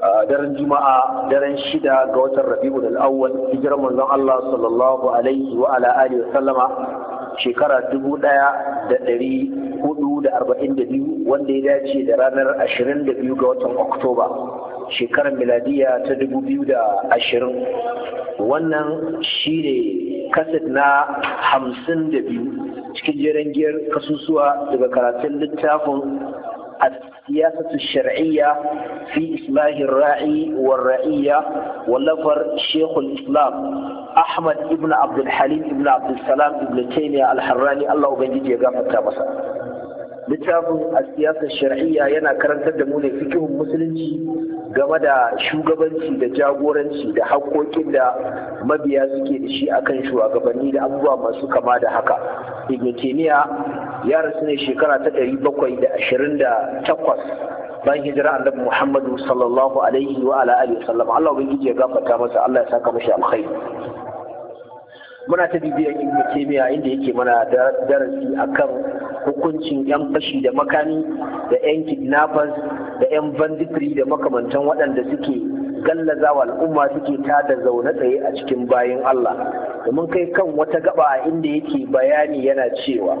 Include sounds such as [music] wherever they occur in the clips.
daren juma'a daren shida ga watan rabi'ul al-awwal hijirar manzon Allah sallallahu alaihi wa ala alihi sallama shekara 1442 wanda ya dace da ranar 22 ga watan Oktoba shekarar miladiya ta 2020 wannan shine kasid na 52 cikin jeren giyar kasusuwa daga karatun littafin السياسة الشرعية في إصلاح الراعي والرعية ولفر شيخ الإسلام أحمد ابن عبد الحليم ابن عبد السلام ابن تيمية الحراني الله بنجد يقام التابسة littafin a siyasar shari'a yana karantar da mu musulunci game da shugabanci da jagoranci da haƙoƙin da mabiya suke da shi akan shugabanni da abubuwa masu kama da haka ibn taymiya ya rasu ne shekara ta ɗari bakwai da ashirin da takwas bayan hijira annabi Muhammadu sallallahu alaihi wa ala alihi wasallam Allah ubangiji ya gafarta masa Allah ya saka mashi alkhairi muna ta bibiyar ibnu taymiya inda yake mana darasi a kan hukuncin yan fashi da makami da yan kidnappers da yan banditry da makamantan waɗanda suke gallazawa al'umma suke ta da zaune tsaye a cikin bayan Allah domin kai kan wata gaba inda yake bayani yana cewa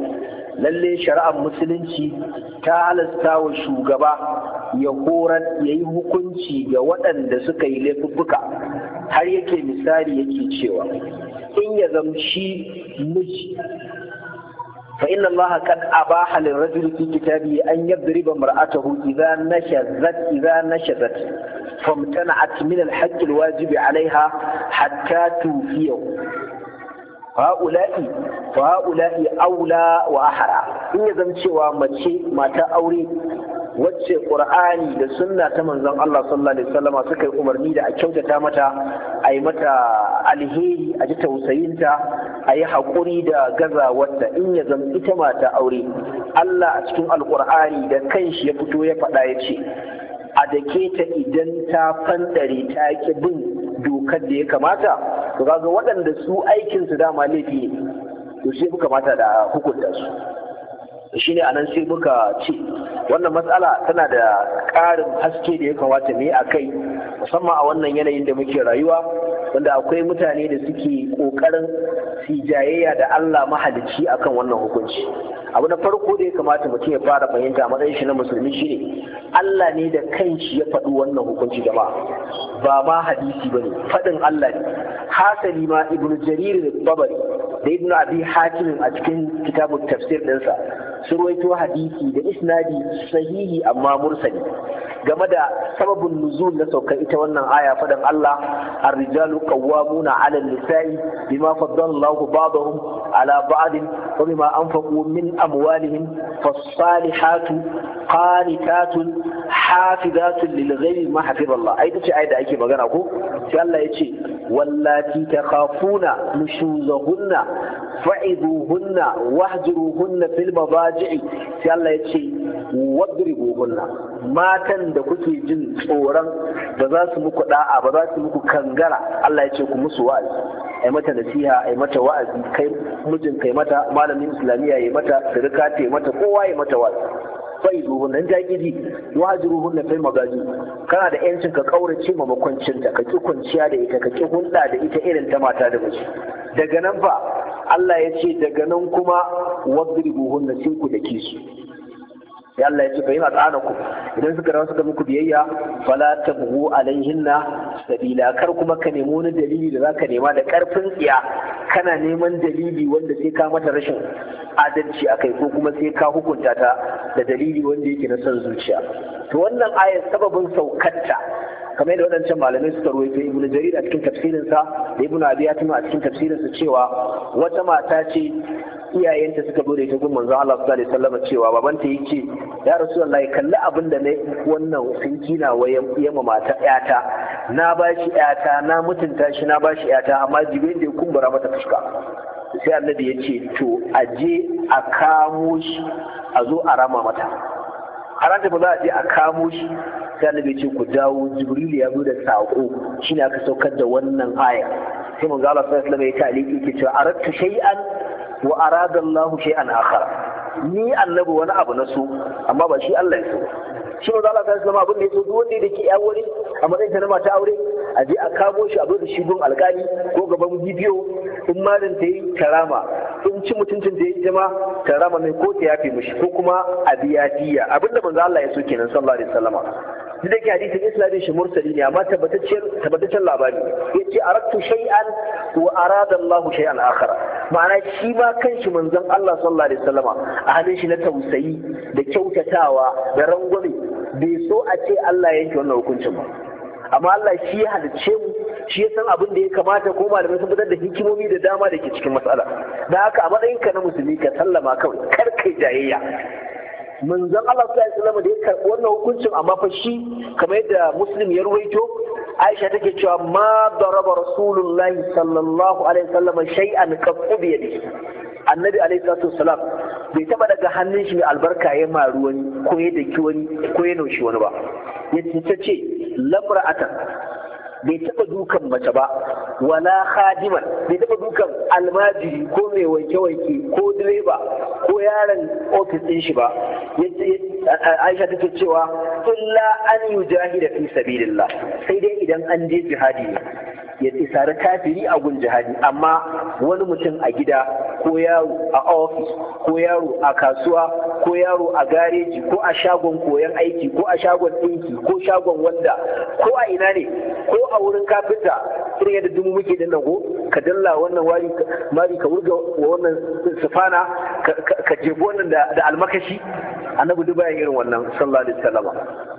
lalle shari'ar musulunci ta halasta wa shugaba ya horar ya yi hukunci ga waɗanda suka yi laifuffuka har yake misali yake cewa in ya zamshi miji fa inna allaha kad abaha lirajul fi kitabi an yadriba mar'atahu muratahu nashazat idza nashazat famtana'at min al-haqq al-wajib 'alayha hatta tufiyahu ha'ula'i wa ha'ula'i aula wa ahara in ya zama cewa mace mata aure wacce ƙur'ani da sunna ta manzon Allah sallallahu alaihi wasallam suka yi umarni da a kyautata mata a yi mata alheri a ji tausayinta a yi haƙuri da gazawarta in ya zama ita mata aure Allah a cikin alqur'ani da kanshi ya fito ya faɗa ya ce a dake ta idan ta fandare ta ki bin dokar da ya kamata to ga waɗanda su aikin su dama laifi ne to sai muka mata da hukunta su shi ne anan sai muka ce wannan matsala tana da ƙarin haske da ya kamata ne a kai musamman a wannan yanayin da muke rayuwa wanda akwai mutane da suke ƙoƙarin sijayayya da Allah mahalicci akan wannan hukunci abu na farko da ya kamata mutum ya fara fahimta matsayin shi na musulmi shine Allah ne da kanshi ya faɗi wannan hukunci jama'a ba ma hadisi ba ne, faɗin Allah ne hasali ma ibnu jarir babari da ibnu abi hatim a cikin kitabun tafsir ɗinsa surwaito hadisi da isnadi sahihi amma mursali game da sababin nuzul na saukar ita wannan aya fadan Allah ar-rijalu qawwamuna 'ala an-nisa'i bima faddala Allahu ba'dahum 'ala ba'din wa bima anfaqu min amwalihim fas-salihatu qanitatun hafizatun lil-ghaibi ma hafiza Allah ai tace ai ake magana ko sai Allah yace wallati takhafuna nushuzahunna fa'iduhunna wahjuruhunna fil mabaji'i sai Allah ya ce wadribuhunna matan da kuke jin tsoron ba za su muku da'a ba za su muku kangara Allah ya ce ku musu wa'azi ai mata nasiha ai mata wa'azi kai mijin kai mata malamin islamiyya ya mata sirka ta mata kowa ya mata wa'azi faizuhun nan jagidi wajiruhun na fai magaji kana da yancin ka kaurace ma makwancinta ka ki kwanciya da ita ka ki hulɗa da ita irin ta mata da mace daga nan ba Allah ya ce daga nan kuma wadribuhun da sai ku dake su ya Allah ya ce ku idan suka rasu ga muku biyayya fala tabghu alaihinna sabila kar kuma ka nemo wani dalili da za ka nema da karfin tsiya kana neman dalili wanda sai ka mata rashin adalci akai ko kuma sai ka hukunta ta da dalili wanda yake na son zuciya to wannan ayar sababin saukatta kamar da waɗancan malamai suka ruwaito ibnu jarir a cikin tafsirinsa da ibnu abi tunu a cikin tafsirinsa cewa wata mata ce iyayenta suka zo da ita gun manzon Allah sallallahu alaihi wasallam cewa babanta yake ya rasulullahi kalli abin da ne wannan sinki na yamma mata yata na bashi yata na mutunta shi na bashi yata amma jibin da ya kumbura mata fuska sai annabi ya ce to aje a kamo shi a zo a rama mata haranta ba za a je a kamo shi sai annabi ce ku dawo jibril ya zo da sako shine aka saukar da wannan aya sai manzo Allah sallallahu alaihi wasallam ya ta'aliki yake cewa aradtu shay'an wa arada Allah shay'an akhar ni annabi wani abu na so amma ba shi Allah ya so shi manzo Allah sallallahu alaihi wasallam abin da ya so wanda yake ya wuri a matsayin ta mata aure a je a kamo shi a zo da shi gun alƙali ko gaban bidiyo in marin ta yi karama sun ci mutuncin da ya yi jama ta rama mai ko ta yafe mushi ko kuma a biya diya abinda manzo Allah ya so kenan sallallahu alaihi wasallama duk da ke hadisin islamin shi mursali ne amma tabbataccen labari yace aradtu shay'an wa arada Allah shay'an akhar ma'ana shi ma kanshi manzon Allah sallallahu alaihi wasallama a hadin shi na tausayi da kyautatawa da rangwame bai so a ce Allah yanke wannan hukuncin ba amma Allah shi ya halicce mu shi ya san abin da ya kamata ko malamai sun fitar da hikimomi da dama da ke cikin matsala da haka a matsayinka na musulmi ka sallama kawai kar kai jayayya manzon Allah sallallahu alaihi da ya karɓi wannan hukuncin amma fa shi kamar yadda muslim ya ruwaito Aisha take cewa ma daraba rasulullahi sallallahu alaihi wasallam shay'an qattu bi yadihi annabi alaihi salatu wasalam bai taba daga hannun shi mai albarka ya maru wani ko ya daki wani ko ya naushi wani ba ya ce lamra'atan bai taɓa dukan mace ba wala khadiman bai taba dukan almajiri ko mai wanke-wanke ko direba ko yaron ofis ɗin shi ba aisha take cewa illa an yujahida fi sabilillah sai dai idan an je jihadi ne ya tsari kafiri a gun jihadi amma wani mutum a gida ko yaro a ofis ko yaro a kasuwa ko yaro a gareji ko a shagon koyon aiki ko a shagon ɗinki ko shagon wanda ko a ina ne ko a wurin kafinta irin yadda dumu muke da nan ko ka dalla wannan wari mari ka wurga wannan sufana ka jebu wannan da almakashi annabi duk bayan irin wannan sallallahu alaihi wasallam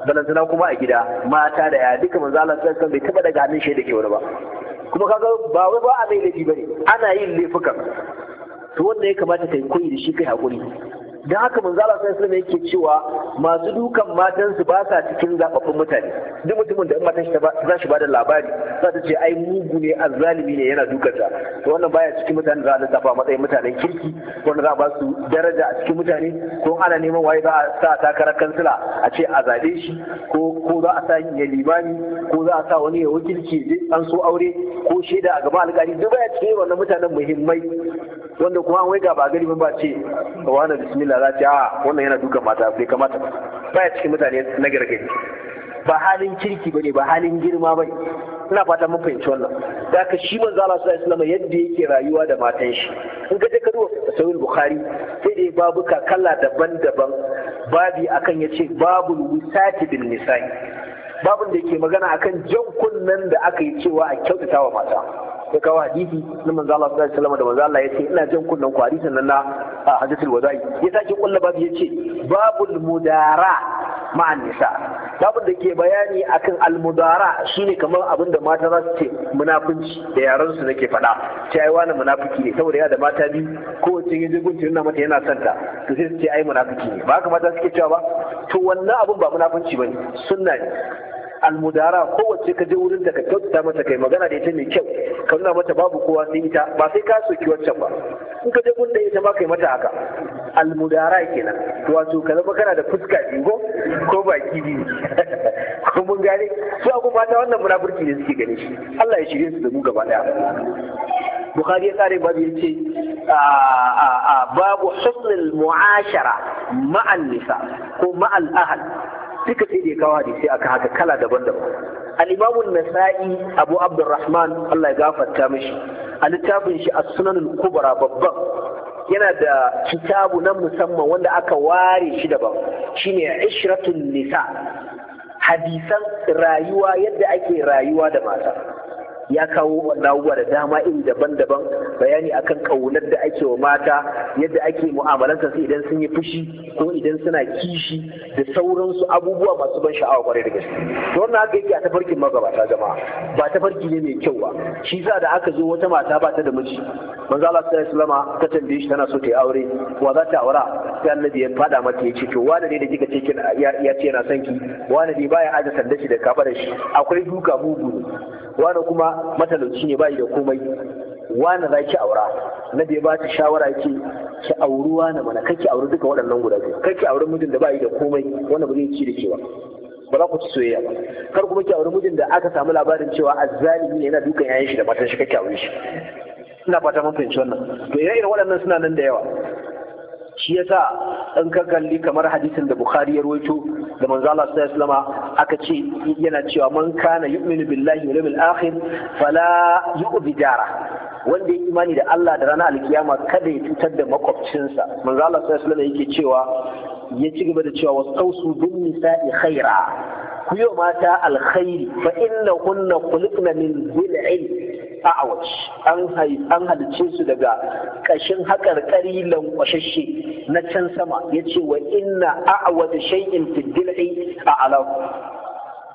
balantana kuma a gida mata da ya duka manzo Allah sallallahu alaihi bai taba daga hannun shi da ke wani ba kuma kaga ba wai ba a mai laifi bane ana yin laifukan to wanda ya kamata kai koyi da shi kai hakuri da haka mun zala sai sai yake cewa masu dukan matansu ba sa cikin zababbun mutane duk mutumin da matan shi za shi bada labari za ta ce ai mugu ne azzalimi ne yana dukan ta to wannan baya cikin mutane za a lissafa matsayin mutanen kirki wanda za ba su daraja a cikin mutane ko ana neman waye za a sa takarar kansila a ce a zabe shi ko ko za a sa ya limami ko za a sa wani ya wakilci an so aure ko shaida a gaba alƙali duk baya cikin wannan mutanen muhimmai wanda kuma an wai ga ba gari ba ce wani bismillah za ta a wannan yana dukan mata bai kamata ba baya cikin mutane na gargadi ba halin kirki ba ne ba halin girma ba ne ina fata mun fahimci wannan da ka shi manzo Allah sallallahu alaihi yadda yake rayuwa da matan shi in ka je ka duba sahih bukhari sai dai ka kala daban-daban babi akan yace babu wisati bin nisa'i babin da ke magana akan jan kunnen da aka yi cewa a kyautata wa mata ya kawo hadisi na manzo Allah sallallahu alaihi wasallam da manzo Allah yace ina jin kunnan ku hadisin nan na hadisul wada'i ya sake kulla babu yace babul mudara ma'an nisa babu da ke bayani akan almudara shine kamar abin da mata za su ce munafunci da yaran su nake faɗa cewa wani munafiki ne saboda yana da mata biyu kowace ya je gunci nuna mata yana santa to sai su ce ai munafiki ne ba haka mata suke cewa ba to wannan abun ba munafunci bane sunna ne almudara kowace ka je wurin da ka kyautata mata kai magana da ita mai kyau ka nuna mata babu kowa sai ita ba sai ka soki wancan ba in ka je gunda ita ma kai mata haka almudara kenan wato ka zama kana da fuska biyu ko baki biyu [laughs] ko mun gane su a kuma ta wannan munafurci ne suke gani shi Allah ya shirye su da mu gaba daya Bukhari ya kare babu yace babu husnul mu'ashara ma'al nisa ko ma'al ahal duka sai da ya kawo hadisi aka haka kala daban-daban al-imamu nasa'i abu abdurrahman Allah ya gafarta mishi a littafin shi as-sunan al-kubra babban yana da kitabu na musamman wanda aka ware shi daban shine ishratun nisa hadisan rayuwa yadda ake rayuwa da mata ya kawo abubuwa da dama iri daban-daban bayani akan kaunar da ake wa mata yadda ake mu'amalarsa su idan sun yi fushi ko idan suna kishi da sauransu abubuwa masu ban sha'awa kwarai da gaske to wannan haka yake a tafarkin magabata jama'a ba tafarki ne mai kyau ba shi sa da aka zo wata mata ba ta da miji manzo Allah sallallahu alaihi ta tambaye shi tana so ta yi aure wa za ta aura sai annabi ya fada mata ya ce to wani ne da kika ce ya ce yana son ki wani ne baya aje sanda shi da kafa da shi akwai duka bugu. wani kuma matalauci ne bai da komai wani za ki aura na bai ba ta shawara ki ki auri wani mana kake auri duka waɗannan guda biyu kake auri mijin da bai da komai wanda ba zai ci da ke ba ba za ku ci soyayya ba kar kuma ki auri mijin da aka samu labarin cewa azzalimi ne yana dukan yayin shi da matan shi kake aure shi ina fata mun fahimci wannan to ire waɗannan suna nan da yawa shi yasa in ka kalli kamar hadisin da bukhari ya rawaito da manzo Allah sallallahu alaihi aka ce yana cewa man kana yu'minu billahi wal yawmil akhir fala yu'bi dara wanda ya imani da Allah da ranar alkiyama kada ya cutar da makwabcinsa manzo Allah sallallahu alaihi yake cewa ya ci gaba da cewa wasausu bin nisa'i khaira ku yi mata alkhairi fa innahunna khuliqna min dhil'in a'awaj an halice su daga ƙashin haƙarƙari lankwashashe na can sama ya ce wa inna a'awaj shay'in fi dil'i a alaku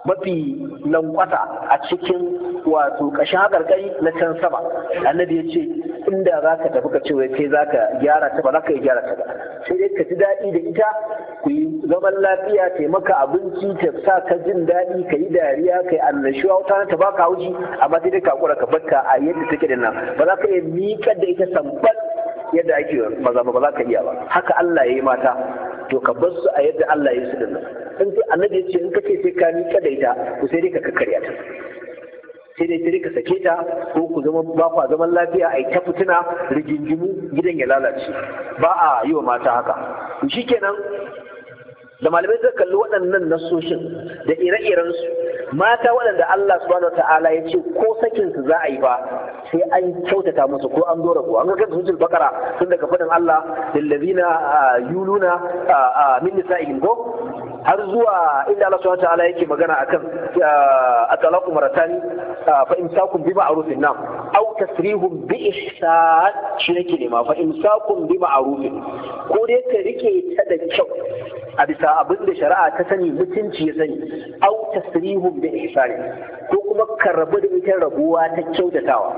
mafi lankwata a cikin wato ƙashin haƙarƙari na can sama annabi ya ce inda za ka tafi ka ce wai kai za ka gyara ta ba za ka yi gyara ta ba sai dai ka ji daɗi da ita ku yi zaman lafiya taimaka abinci ta sa ka jin daɗi ka yi dariya ka yi annashuwa wata ta baka haushi amma sai dai ka kura ka barka a yadda take da nan ba za ka iya miƙar da ita sambal yadda ake maza ba za ka iya ba haka Allah ya yi mata to ka bar su a yadda Allah ya yi su da nan in sai annabi ya ce in ce sai ka miƙa da ita ku sai dai ka kakkarya ta sai dai sai ka sake ta ko ku zama ba ku zaman lafiya ai ta fitina rigingimu gidan ya lalace ba a yi wa mata haka to shikenan da malamai suka kalli waɗannan nasoshin da ire-iren su mata waɗanda Allah subhanahu ta'ala ya ce ko sakin su za a yi ba sai an kyautata musu ko an dora ko an ga kan sujul bakara tun daga fadin Allah lillazina yuluna min nisa'ihim ko har zuwa inda Allah subhanahu wataala yake magana akan atalaqu ah, maratan ah, fa imsakum bi ma'rufin nam aw tasrihum bi ihsan shi yake nema fa imsakum bi ma'rufin ko dai ka rike ta da kyau a bisa abin da shari'a ta sani mutunci ya sani aw tasrihum bi ihsan ko kuma ka da ita rabuwa ta kyautatawa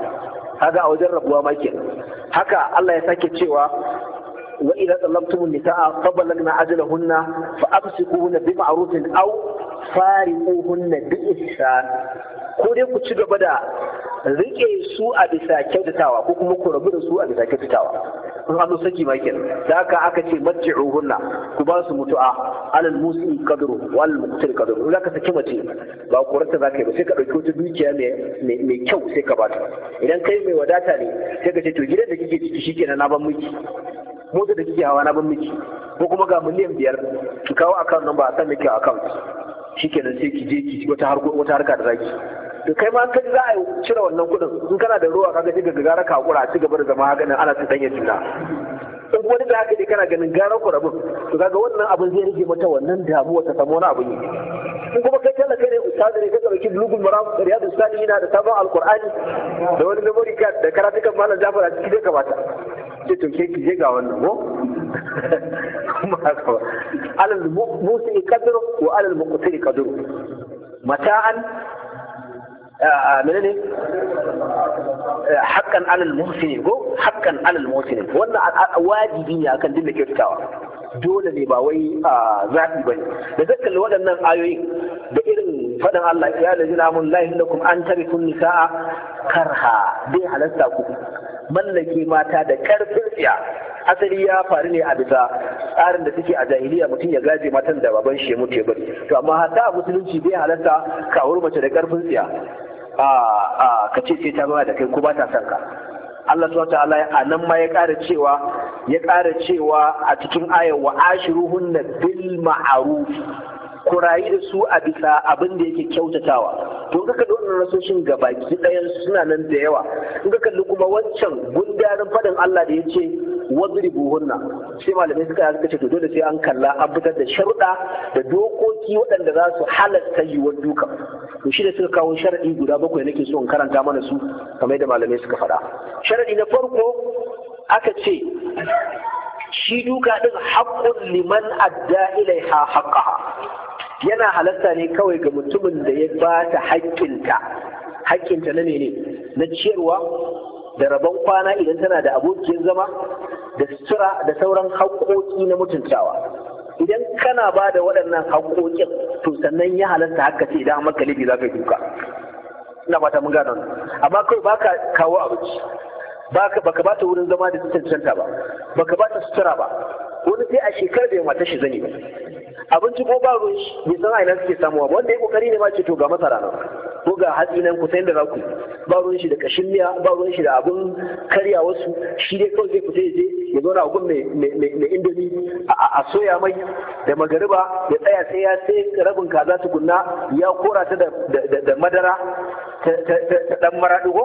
kaga a wajen rabuwa ma haka Allah ya sake cewa وإذا طلبتم النساء فبلغن أجلهن فأمسكوهن بمعروف أو فارقوهن بإحسان ko dai ku ci gaba da riƙe su a bisa kyautatawa ko kuma ku rabu da su a kyautatawa in an saki ma kenan da aka ce marji'uhunna ku ba su mutu'a alal musi qadru wal muqtir qadru za ka saki mace ba koranta za ka yi ba sai ka dauki wata dukiya mai kyau sai ka bata idan kai mai wadata ne sai ka to gidan da kike ciki shikenan na ban miki mota da kike hawa na ban miki ko kuma ga miliyan biyar ki kawo account number a san miki account shikenan sai ki je ki wata harka da zaki to kai ma kai za a cire wannan kuɗin in kana da ruwa kaga sai ga gara kakura a ci gaba da zama haka nan ana tsanya juna in wani da haka dai kana ganin gara ku to kaga wannan abin zai rage mata wannan damuwa ta samu wani abin yi in kuma kai tallaka ne ustazi ne ka ɗauki bulugul maram riyadu salihina da sabon alqur'ani da wani memory card da karatukan malam jafar a cikin da kamata. ce to ke ki je ga wannan ko kuma haka ba alal musi kadur wa alal muqtir kadur mata'an menene haqqan alal muhsini ko haqqan alal muhsini wannan wajibi ne akan dinda kyautatawa dole ne ba wai zaɓi ba ne da dukkan waɗannan ayoyi da irin faɗin Allah ya da jina mun lahi lakum an tare kun nisa'a karha bai halatta ku Mallaki mata da karfin tsiya asali ya faru ne a bisa tsarin da suke a jahiliya mutum ya gaje matan da baban shi ya mutu ya to amma hatta musulunci bai halarta kawar mace da karfin tsiya a ka ce sai ta bawa da kai ko ba ta sanka. Allah subhanahu ta'ala a nan ma ya ƙara cewa ya ƙara cewa a cikin ayar wa ashiruhunna bil ma'ruf ku da su a bisa abin da yake kyautatawa to ka kalli wannan nasoshin ga baki ɗayan suna nan da yawa in ka kalli kuma wancan gundarin faɗin Allah da ya ce Buhunna sai malamai suka yi ce to dole sai an kalla an fitar da sharuɗa da dokoki waɗanda za su halatta yiwuwar duka to shi da suka kawo sharaɗi guda bakwai nake so in karanta mana su kamar da malamai suka faɗa sharaɗi na farko aka ce shi duka ɗin haƙƙun liman adda ilaiha haqqaha yana halatta ne kawai ga mutumin da ya ba ta haƙƙinta haƙƙinta na mene na ciyarwa da rabon kwana idan tana da abokin zama da sutura da sauran haƙƙoƙi na mutuntawa idan kana ba da waɗannan haƙƙoƙin to sannan ya halatta haka ce idan maka laifi za ka yi duka ina fata mun gano amma kawai baka kawo abinci baka baka bata wurin zama da cancanta ba baka bata sutura ba wani sai a shekarar da ya mata shi zane abinci ko ba ruwan shi bai aina suke samuwa wanda ya kokari ne ma ce to ga masara ko ga hatsi nan kusa yadda za ku ba ruwan shi da kashin miya ba ruwan shi da abun karya wasu shi dai kawai zai fita je ya zo na gun mai indomi a soya mai da magariba ya tsaya sai ya sai rabin kaza tukunna ya kora ta da madara ta dan ko.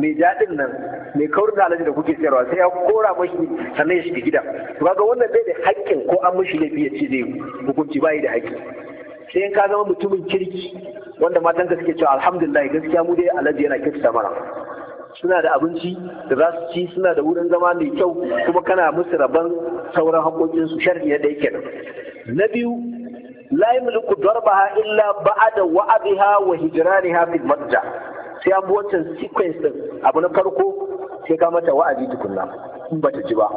mai jaɗin nan mai kaurin da alaji da kuke sayarwa sai ya kora mashi sannan ya shiga gida to kaga wannan bai da haƙƙin ko an mashi laifi ya ce zai hukunci bayi da haƙƙi sai ka zama mutumin kirki wanda matan ka suke cewa alhamdulillah gaskiya mu dai alhaji yana kirki mana suna da abinci da za su ci suna da wurin zama mai kyau kuma kana musu rabon sauran haƙoƙinsu sharri da yake na biyu la yamliku darbaha illa ba'da wa'abiha wa hijraniha fi madja sai an wancan sequence abu na farko sai ka mata wa'azi tukunna in bata ji ba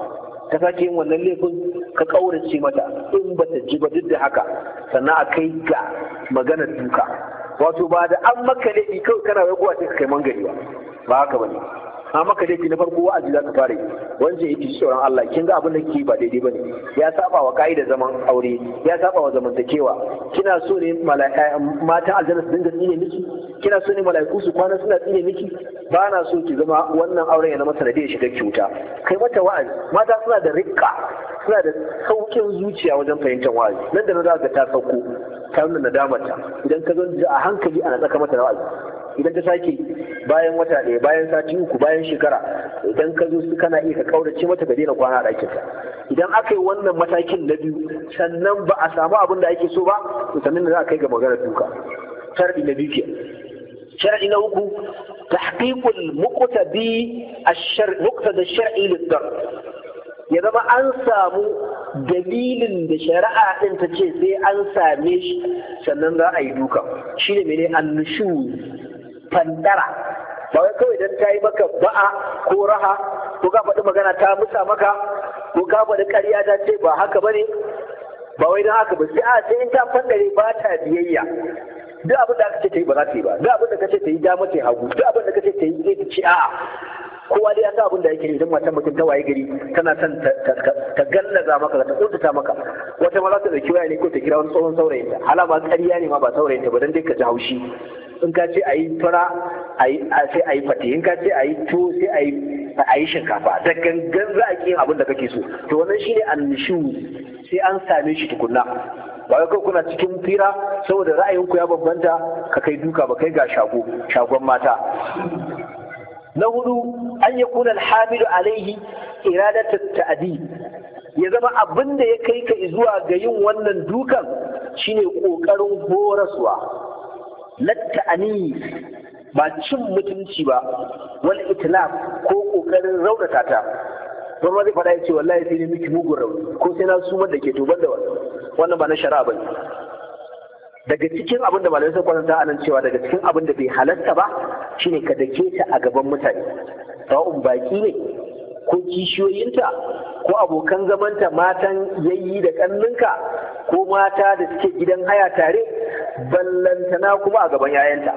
ta sake yin wannan laifin ka kaurace mata in ba ta ji ba duk da haka sannan a kai ga maganar duka wato ba da an maka laifi kawai kana wai kowa ce ka kai mangari ba ba haka amma ka laifi na farko wa'azi za ka fara wancan yake tsoron Allah kin ga abin da ke ba daidai bane ya saba wa ka'ida zaman aure ya saba wa zamantakewa kina so ne mata aljanna su dinga tsine miki kina so ne mala'iku su kwana suna tsine miki ba na so ki zama wannan auren ya na masa da shiga kyauta kai mata wa'azi mata suna da rikka suna da saukin zuciya wajen fahimtar wa'azi nan da na za ka ta sauko ta nuna nadamarta idan ka zo a hankali ana tsaka mata wa'azi idan ta sake bayan wata ɗaya bayan sati uku bayan shekara idan ka zo su kana iya ka kaurace mata ka daina kwana a ɗakin idan aka yi wannan matakin na biyu sannan ba a samu abin da ake so ba to sannan za a kai ga maganar duka sharadi na biyu kenan sharadi na uku tahqiqul muqtadi ash-shar'i muqtada shari lid ya zama an samu dalilin da shari'a ɗin ta ce sai an same shi sannan za a yi duka shi ne mene annushu fandara ba wai kawai don ta yi maka ba'a ko raha ko ka faɗi magana ta musa maka ko ka faɗi ƙarya ta ce ba haka ba ne? ba wai don haka ba sai a sai in ta fandare ba ta biyayya duk abin da aka ce ta yi ba za ta yi ba duk abin da ka ce ta yi dama mace hagu duk abin da ka ce ta yi zai ta ci a'a kowa dai ya sa abin da yake idan matan mutum ta waye gari tana son ta gallaza maka ta kuntata maka wata ma za ta dauki waya ne ko ta kira wani tsohon saurayinta ma ƙarya ne ma ba saurayinta ba dan dai ka ji haushi in ka ce a yi fura sai a yi fati in ka ce a yi to sai a yi shinkafa da gangan za a ƙi abin da kake so to wannan shine annishu sai an same shi tukunna ba kai kuna cikin fira saboda ra'ayinku ya babbanta ka kai duka ba kai ga shago shagon mata na hudu an ya kuna alhamidu alaihi iradatu ta'adi ya zama abin da ya kai ka zuwa ga yin wannan dukan shine kokarin horaswa Latta anini ba cin mutunci ba wal itlaf ko kokarin raunata ta don wani fada ya ce wallahi sai ne miki mugun rauni ko sai na suma da ke tobar da wannan ba na shari'a bane daga cikin abin da malamai suka kwatanta anan cewa daga cikin abin da bai halatta ba shine ka da ke ta a gaban mutane sawa'un baƙi ne ko kishiyoyinta ko abokan zamanta matan yayi da kanninka ko mata da suke gidan haya tare ballantana kuma a gaban 'ya'yanta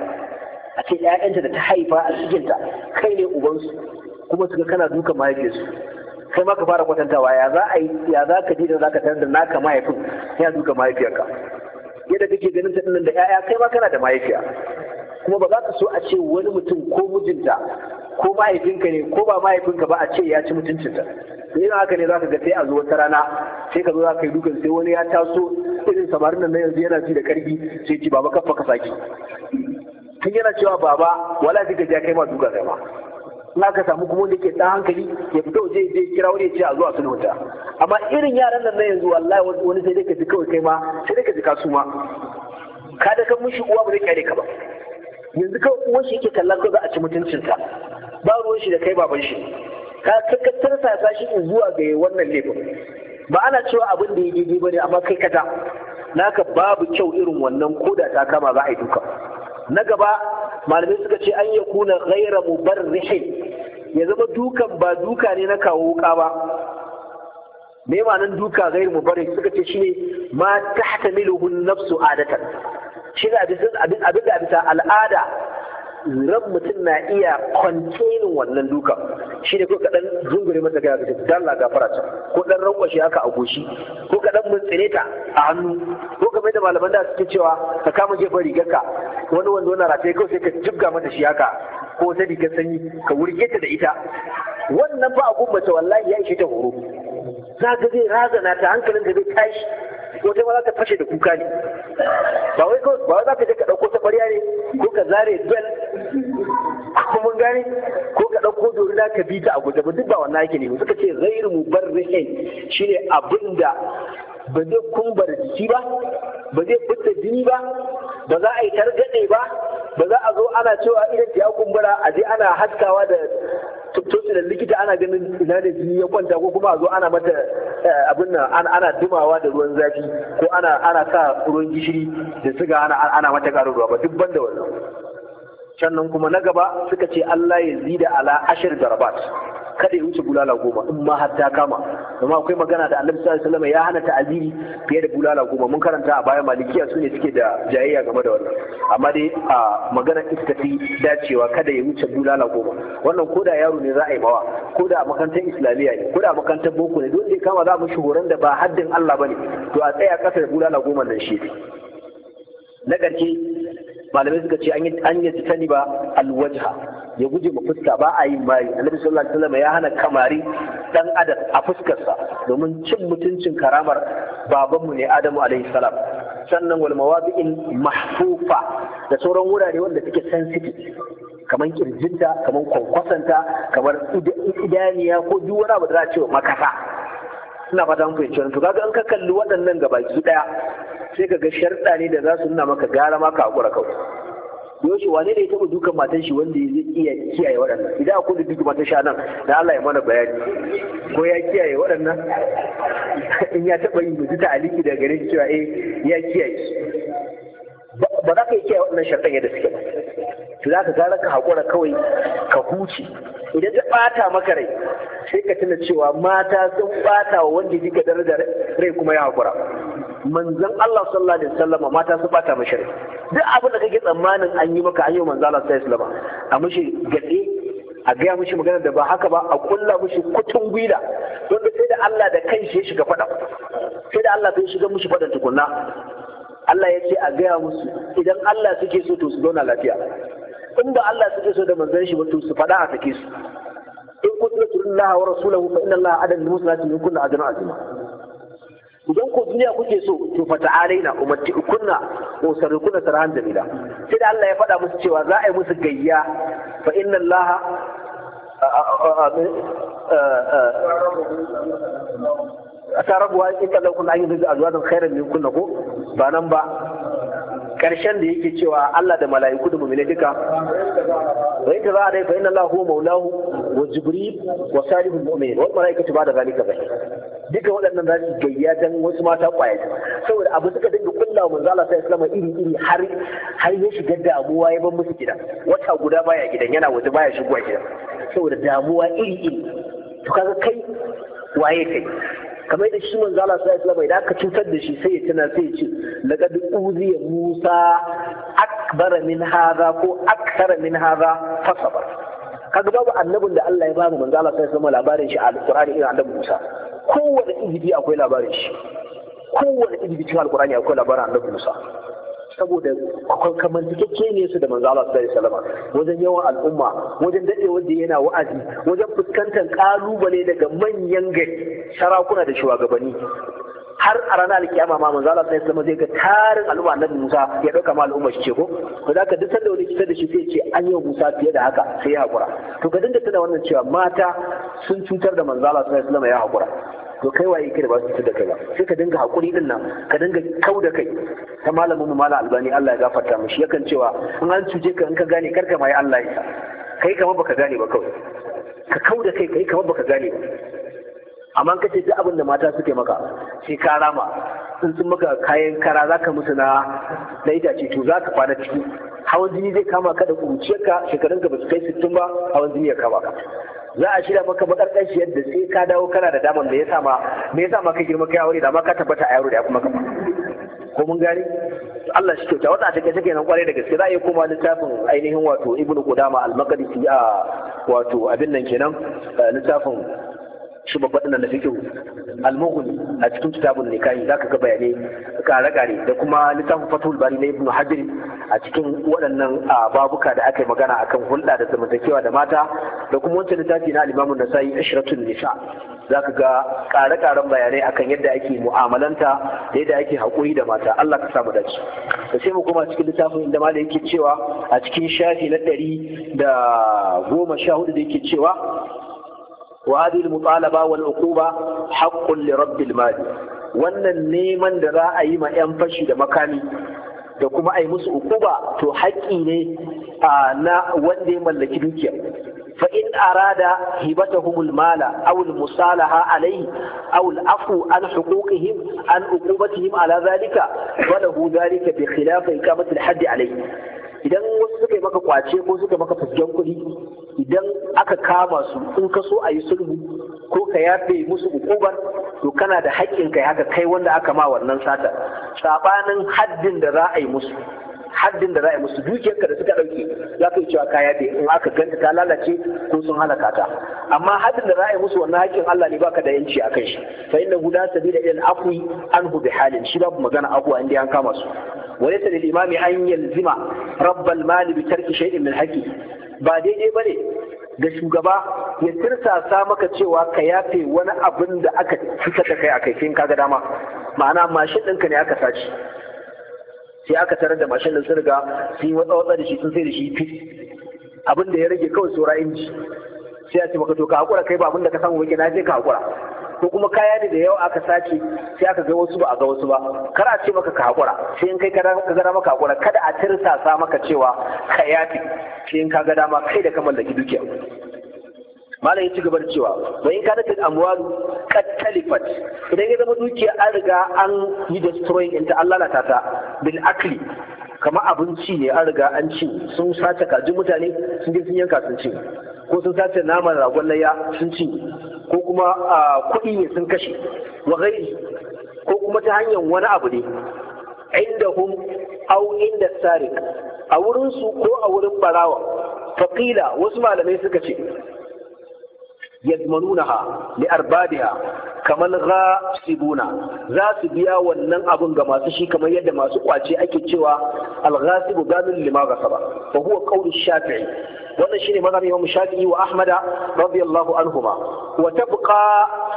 a ce 'ya'yanta da ta haifa a cikinta kai ne ubansu kuma suka kana duka mahaifinsu, kai ma ka fara kwatantawa ya za a yi ya za ka za ka tarar da naka mahaifin ya duka mahaifiyarka yadda kake ganin ta dinnan da 'ya'ya kai ma kana da mahaifiya kuma ba za ka so a ce wani mutum ko mijinta ko mahaifinka ne ko ba mahaifinka ba a ce ya ci mutuncinta to yin haka ne za ka ga sai a zo wata rana sai ka zo za ka yi dukan sai wani ya taso irin samarin nan na yanzu yana ji da karfi sai ci baba kafa ka saki tun yana cewa baba wala duka ja kai ma duka kai ma in aka samu kuma wanda ke dan hankali ya fita waje ya kira wani ya ce a zuwa wuta amma irin yaran nan na yanzu wallahi wani sai dai ka ji kawai kai ma sai dai ka ji kasu ma ka da kan mushi uwa ba zai kyale ka ba yanzu kawai uwar shi yake kallon ka za a ci mutuncinsa ba ruwan shi da kai baban shi ka kakkatar sa shi zuwa ga wannan laifin ba ana cewa abin da ya gidi ba ne amma kai kaza naka babu kyau irin wannan koda ta kama za a yi duka na gaba malamai suka ce an ya kuna bar mubarrihin ya zama dukan ba duka ne na kawo wuka ba me ma nan duka ghaira Mubari suka ce shine ma tahtamiluhu nafsu adatan shi da abin abin da bisa al'ada ran mutum na iya kwantenin wannan duka shi ne ko kaɗan zungure masa gaya kace dan la gafara ta ko ɗan rankwashe haka a goshi ko kaɗan mun tsire ta a hannu ko kamar da malaman da suke cewa ka kama jefa rigarka wani wanda wani rataye kawai sai ka jibga mata shi haka ko ta rigar sanyi ka wurge ta da ita wannan ba abun mace wallahi ya ishe ta horo za ka zai razana ta hankalin ka zai tashi wata ma za ta fashe da kuka ne ba wai ba za ka je ka ɗauko ta ƙwarya ne ko ka zare bel ko mun gane ko ka ɗauko dorina ka bi ta a guje ba duk ba wannan ake ne suka ce zairu mubarrihin shine abinda ba zai kumbar jiki ba ba zai fita jini ba ba za a yi targaɗe ba ba za a zo ana cewa idan ya kumbura a je ana haskawa da tuttoci da likita ana ganin ina da jini ya kwanta ko kuma a zo ana mata eh, abin nan ana dumawa da ruwan zafi ko ana sa ruwan gishiri da siga ana ana mata karin ruwa ba duk banda wannan can nan kuma na gaba suka ce Allah ya zida ala ashir darabat kada ya wuce bulala goma in ma har ta kama amma akwai magana da annabi sallallahu alaihi wasallam ya hana ta'aziri fiye da bulala goma mun karanta a baya malikiya su ne suke da jayayya game da wannan amma dai a magana iska fi dacewa kada ya wuce bulala goma wannan koda yaro ne za a yi mawa koda a makarantar islamiyya ne koda a makarantar boko ne dole kama za mu shi horon da ba haddin Allah bane to a tsaya kasa da bulala goma nan shi na karshe malamai suka ce an yi tani ba alwajha ya guje ma fuska ba a yi mari annabi sallallahu alaihi wasallam ya hana kamari dan adam a fuskarsa domin cin mutuncin karamar babanmu ne adamu alaihi salam sannan wal mawadi'in mahfufa da sauran wurare wanda suke sensitive kamar kirjinta kamar kwankwasanta kamar idaniya ko duk wani abu da za a ce makasa ina fata mun fahimci wani to kaga an ka kalli waɗannan gabaki ɗaya sai ka ga sharɗa ne da za su nuna maka gara maka hakura kawai yaushe wane ne ya taɓa dukan matan shi wanda ya iya kiyaye waɗannan idan akwai da dukan matan shanan da Allah ya mana bayani ko ya kiyaye waɗannan [laughs] in ya taɓa yi mutu ta aliki daga gare cewa eh ya kiyaye ba za ka yi kiyaye waɗannan sharɗan yadda suke ba to za ka gara ka haƙura kawai ka huce idan ta ɓata maka rai sai ka tuna cewa mata sun ɓata wa wanda dare darajar rai kuma ya haƙura manzon Allah sallallahu alaihi wasallam mata su bata mashari duk abin da kake tsammanin an yi maka an yi manzon Allah sallallahu alaihi wasallam a mushi gade a gaya mushi magana da ba haka ba a kulla mushi kutun gwida don sai da Allah da kanshi ya shiga fada sai da Allah ya shiga mushi fadan tukunna Allah ya ce a gaya musu idan Allah suke so to su zauna lafiya in ba Allah suke so da manzon shi ba to su fada a sake su in kuntum tu'minuna wa rasulahu fa inna Allah adana lil muslimin kunna ajran azima idan ku duniya kuke so to fa ta'alaina umatti kunna wa sarukuna sarahan jamila sai da Allah ya faɗa musu cewa za a yi musu gayya fa inna Allah atarabuwa in kallon kuna an yi zuga azwajan khairan min kunna ko ba nan ba karshen da yake cewa Allah da mala'iku da mu'mini duka wa in taza'a dai fa inna Allah huwa maulahu wa jibril wa salihul mu'min wa malaikatu ba da zalika bai duka waɗannan za su gayya don wasu mata kwaya saboda abu suka dinga kulla wa manzo sai islam iri iri har har ya shiga damuwa ya bar musu gida wata guda baya gidan yana waje baya shigowa gidan saboda damuwa iri iri to kaga kai waye kai kamar yadda shi manzo Allah sallallahu alaihi idan aka cutar da shi sai ya tana sai ya ce laqad uziya Musa akbar min hadha ko akthar min hadha fasabar kaga babu annabin da Allah ya ba mu manzo Allah labarin shi a alqur'ani ina, annabi Musa kowane izibi akwai labarin shi kowane izibi cikin alkurani akwai labarin annabi musa saboda kamantakeke ne su da manzala su sallallahu salama, wajen yawan al'umma wajen daɗe da yana wa'azi wajen fuskantar ƙalubale daga manyan gari sarakuna da shugabanni har a ranar alkiyama ma manzo Allah sai sallama zai ga tarin al'umma nan Musa ya dauka ma al'umma shi ce ko ko zaka duk sanda wani kitar da shi sai ce an yi wa Musa fiye da haka sai ya hakura to ka dinga tana wannan cewa mata sun cutar da manzo Allah sai sallama ya hakura to kai waye kai ba su cutar da kai ba sai ka dinga hakuri din nan ka dinga kau da kai ta malamin mu mala albani Allah ya gafarta mishi yakan cewa in an cuce ka in ka gane karka ma ya Allah ya kai kamar baka gane ba kawai ka kau da kai kai kamar baka gane ba amma ka ce abin da mata suke maka sai ka rama sun sun maka kayan kara za ka musu na na itace to za ka kwana ciki hawan jini zai kama ka da ka shekarun ka ba su kai sittin ba hawan jini ya kama ka za a shirya maka bakarkar shi yadda sai ka dawo kana da damar da ya sa ma me ya sa ma ka girma kai aure da ma ka tabbata a yaro da ya kuma kama. ko mun gani? Allah shi kyauta wata take take nan kwarai da gaske za a yi koma littafin ainihin wato Ibn Qudama al-Maqdisi a wato abin nan kenan eh, littafin shi babban na fiqh al-mughni a cikin kitabun nikahi zaka ga bayanai kare kare da kuma littafin fatul bari na ibnu hajar a cikin waɗannan babuka da aka yi magana akan hulɗa da zamantakewa da mata da kuma wancan littafi na al-imamu nasai ashratun nisa zaka ga kare karen bayanai akan yadda ake mu'amalanta da yadda ake haƙuri da mata Allah ka samu dace da sai mu koma cikin littafin inda malai yake cewa a cikin shafi na ɗari da goma sha hudu da yake cewa وهذه المطالبة والعقوبة حق لرب المال wannan neman da za a yi ma 'yan fashi da makami da kuma a yi musu ukuba to haƙƙi ne na wanda ya mallaki dukiya fa in arada humul mala aw musalaha alayhi aw al afu an huquqihim an uqubatihim ala zalika wa lahu zalika bi khilaf iqamati al hadd idan wasu suka yi maka kwace ko suka maka fusken kuɗi idan aka kama su in ka so a yi sulhu ko ka yafe musu hukumar to kana da haƙƙin kai haka kai wanda aka ma wannan sata saɓanin haddin da za a yi musu haddin da za a yi musu dukiyarka da suka ɗauke za ka yi cewa kaya bai in aka ganta ta lalace ko sun halaka ta amma haddin da za a yi musu wannan haƙƙin Allah ne baka da yanci akan shi fa inna sabida sabila ila afwi anhu bi halin shi babu magana afwa inda an kama su Wani sai da imami an yalzima rabbal mali bi tarki shay'in min haqqi ba daidai bane Da shugaba ya tirsasa maka cewa ka yafe wani abin da aka fita da kai a kai ka ga dama ma'ana mashin ɗinka ne aka sace sai aka tarar da mashin da sun riga sun yi watsa da shi sun sai da shi fit abin da ya rage kawai saura inji sai a ce maka to ka hakura kai ba abin da ka samu wake na je ka hakura ko kuma kaya ne da yau aka sace sai aka ga wasu ba a ga wasu ba kar a ce maka ka hakura sai in kai ka gara maka hakura kada a tirsasa maka cewa ka yafi sai in ka ga dama kai da ka mallaki dukiya malam ya ci gaba da cewa wa in kana til amwalu idan ya zama dukiya an riga an yi destroying inta Allah lalata ta bil akli kama abinci ne an riga an ci sun sace kajin mutane sun je sun yanka sun ci ko sun sace naman ragon layya sun ci ko kuma kuɗi ne sun kashe wa gairi ko kuma ta hanyar wani abu ne indahum aw inda sarik a wurinsu ko a wurin barawa faqila wasu malamai suka ce yadmanunaha li arbadiha kamar ghasibuna za su biya wannan abun ga masu shi kamar yadda masu kwace ake cewa al-ghasibu gamin lima ghasaba fa huwa qawlu shafi'i wannan shine mazhab imam shafi'i wa ahmada radiyallahu anhuma wa tabqa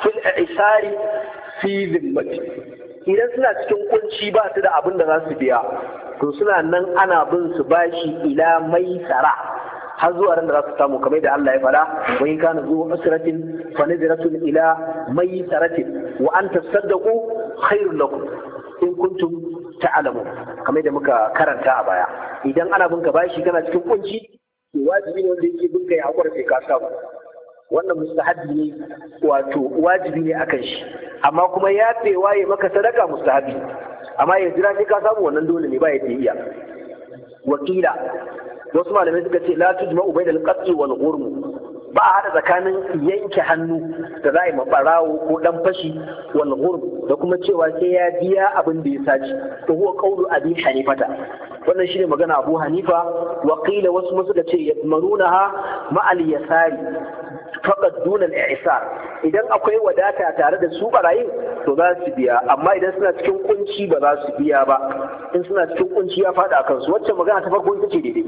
fil i'sari fi zimmati idan suna cikin kunci ba su da abin da za su biya to suna nan ana bin su bashi ila maisara har zuwa ran da za su samu kamar da Allah ya fara wa in kana zuwa usratin fa nadratun ila maysaratin wa an tasaddaqu khairul lakum in kuntum ta'lamun kamar da muka karanta a baya idan ana bin ka bashi kana cikin kunci wajibi ne wanda yake bin ka ya hakura sai ka samu wannan mustahabi ne wato wajibi ne akan shi amma kuma ya tsewa ya maka sadaka mustahabi amma ya jira sai ka samu wannan dole ne ba ya iya wakila wasu malamai suka ce la tujma'u bainal qat'i wal ghurm ba a haɗa tsakanin yanke hannu da za a yi maɓarawo ko ɗan fashi wal da kuma cewa sai ya biya abin da ya saci to huwa qawlu abi hanifata wannan shine magana abu hanifa wa wasu ma suka ce yadmanunaha ma al yasari faqad duna al-i'sar idan akwai wadata tare da su barayin to za su biya amma idan suna cikin kunci ba za su biya ba in suna cikin kunci ya fada akan su wacce magana ta farko ita ce daidai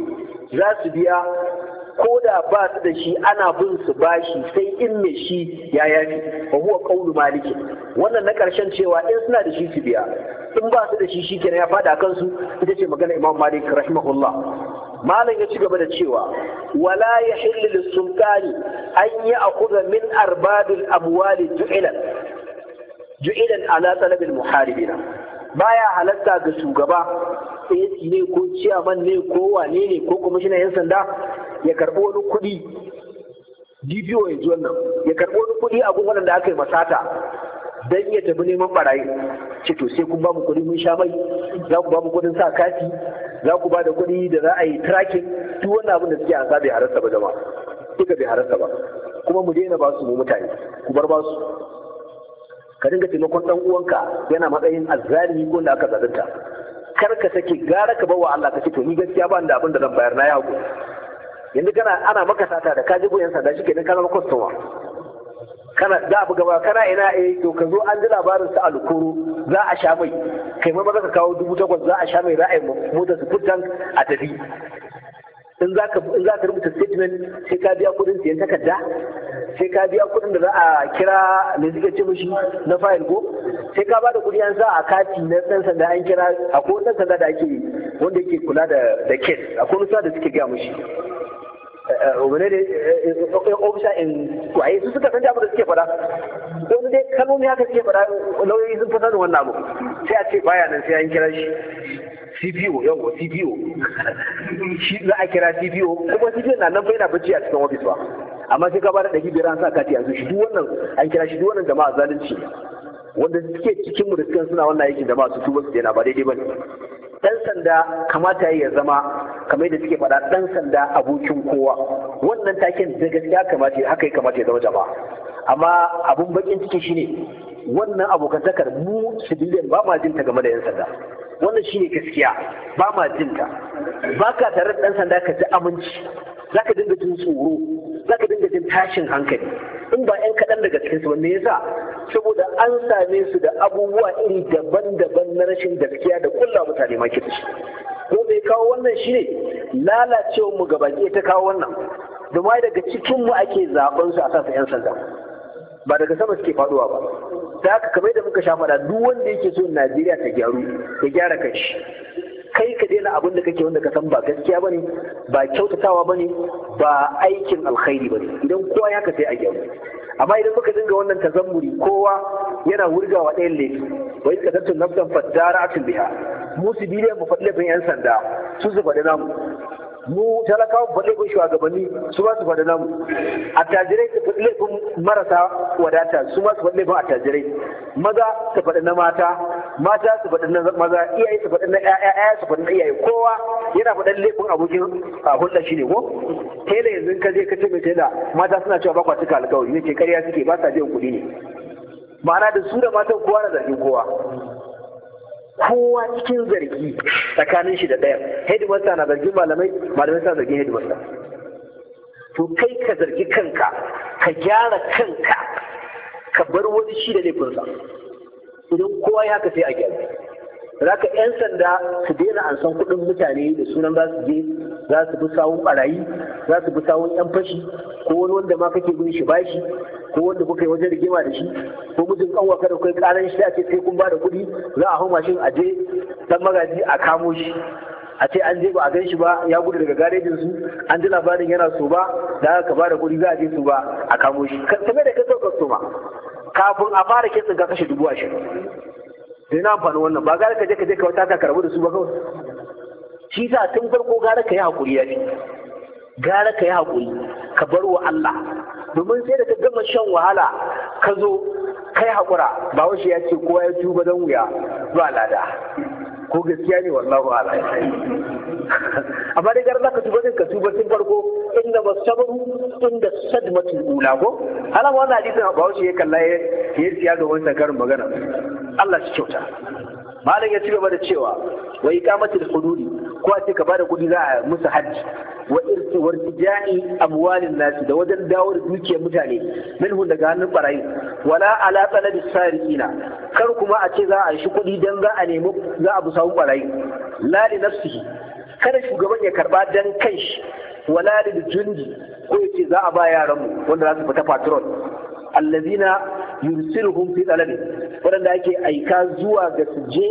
za su biya ko da ba su da shi ana bin su bashi sai in me shi ya yafi wa huwa qawlu maliki wannan na karshen cewa in suna da shi su biya in ba su da shi kenan ya fada a kansu, ita ce magana imam malik rahimahullah malam ya ci gaba da cewa wala ya hillu lissulkani an yi akuza min arbabil amwali ju'ilan ju'ilan ala talabil muharibina baya halatta ga shugaba AS ne ko ciyaman ne ko wane ne ko kuma yan sanda ya karɓi wani kuɗi DPO ya ji wannan ya karɓi wani kuɗi a gun da aka yi masata dan ya tafi neman barayi ce to sai kun ba mu kuɗi mun sha mai za ku ba mu kuɗin sa kati za ku ba da kuɗi da za a yi tracking duk wannan abin da suke ansa bai harasta ba jama'a duka bai harasta ba kuma mu daina ba su mu mutane ku bar ba su ka dinga taimakon dan uwanka yana matsayin azzalimi ko da aka zalunta kar ka sake gara ka bawa Allah ka ce to ni gaskiya ba da abin da zan bayar na ya yanzu kana ana maka sata da ka ji goyen sanda shi kenan kana maka customer kana za a buga kana ina eh to ka zo an ji labarin su alkuru za a sha mai kai mai ka kawo dubu takwas za a sha mai ra'ayin motar su fitan a tafi in za ka in za ka rubuta statement sai ka biya kuɗin siyan takarda sai ka biya kudin da za a kira me suke ce mishi na fayil ko sai ka bada kuɗi an sa a kati na ɗan sanda an kira ko ɗan sanda da ake wanda yake kula da da kes a wani da suke gaya mashi. obane eh, eh, ne eh, ofisa in waye su suka san abu da suke faɗa wani dai kalmomi haka suke faɗa lauyoyi sun fasa da wannan abu sai a ce baya nan sai an kira shi CPO yawwa CPO [laughs] shi za a kira CPO kuma CPO na nan fa yana bacci a cikin ofis ba amma sai gaba da ɗari biyar an sa kati yanzu shi duk wannan an kira shi duk wannan jama'a zalunci wanda suke cikin mu da suna wannan aikin jama'a su tuba su daina ba daidai ba ne Ɗan sanda kamata ya zama kamar da suke faɗa ɗan sanda abokin kowa wannan taken da gaskiya kamata haka ya kamata ya zama jama'a amma abun bakin ciki shine wannan abokantakar mu civilian ba ma jin game da yan sanda wannan shine gaskiya ba ma jin ba ka tare da ɗan sanda ka ji aminci za ka dinga jin tsoro Zaka ka dinga jin tashin hankali in ba 'yan kaɗan daga cikin ba me yasa saboda an same su da abubuwa iri daban-daban na rashin gaskiya da kulla mutane shi. ko bai kawo wannan shi ne lalacewar mu gaba ta kawo wannan domin daga cikin mu ake zaben su a sasa 'yan sanda ba daga sama suke faɗuwa ba da haka kamar da muka sha faɗa duk wanda yake so Najeriya ta gyaru ya gyara kanshi kai ka daina abin da kake wanda ka san ba gaskiya bane ba kyautatawa bane ba aikin alkhairi bane idan kowa ya ka sai a gyaru amma idan muka dinga wannan tazammuri kowa yana wurgawa ɗayan laifi wai ka tattun nafsan faddara biha musu bi mu faɗi yan sanda su su faɗi namu mu talakawa ba laifin shugabanni su ma su faɗi namu attajirai su faɗi laifin marasa wadata su ma su faɗi laifin attajirai maza su faɗi na mata mata su faɗi na maza iyaye su faɗi na ƴaƴa su faɗi na iyaye kowa yana faɗin laifin abokin hulɗa shi ne ko tela yanzu ka je ka ce mai tela mata suna cewa ba kwa cika alƙawari ne ke ƙarya suke ba sa biyan kuɗi ne ma'ana da su da matan kowa na zargin kowa kowa cikin zargi tsakanin shi da ɗayan hedimasta na zargin malamai malamai suna zargin hedimasta to kai ka zargi kanka ka gyara kanka ka bar wani shi da laifinsa idan kowa ya haka sai a gyara za ka 'yan sanda su daina an san kuɗin mutane da sunan za su je za su bi sawun barayi za su bi sawun yan fashi ko wani wanda ma kake gudun shi bashi ko wanda kuka yi wajen rigima da shi ko mijin kanwa kada kai karan shi a ce sai kun ba da kuɗi za a hau mashin a je dan magaji a kamo shi a ce an je ba a gan shi ba ya gudu daga garejin su an ji labarin yana so ba da aka ba da kuɗi za a je su ba a kamo shi kame da ka saukar su ma kafin a fara kitsin ka kashe dubu ashirin sai na amfani wannan ba gara ka je ka je ka wata ka karbu da su ba kawai shi sa tun farko gara ka yi haƙuri ya fi gara ka yi haƙuri ka bar wa Allah domin sai da ka gama shan wahala ka zo ka yi haƙura ba wasu ya ce kowa ya ci ba don wuya zuwa lada ko gaskiya ne wallahu ala [laughs] amma dai gara ka tuba din ka tuba tun farko inda ba sabaru inda sadmatul ula ko alama wannan hadisin ba wasu ya kalla ya yi siya ga wannan karin magana Allah shi kyauta malam ya ci gaba da cewa wa iqamatul hududi kowa ce ka bada kuɗi za a musu hajji wa irti wa tijani amwalin nasu da wajen dawo da dukiyar mutane minhu daga hannun barayi wala ala talabi sariqina kar kuma a ce za a shi kuɗi dan za a nemi za a busa barayi la li nafsihi kada shugaban ya karba dan kanshi wala li jundi ko ya ce za a ba yaran mu wanda za su fita patrol allazina yursiluhum fi talabi wanda ake aika zuwa ga su je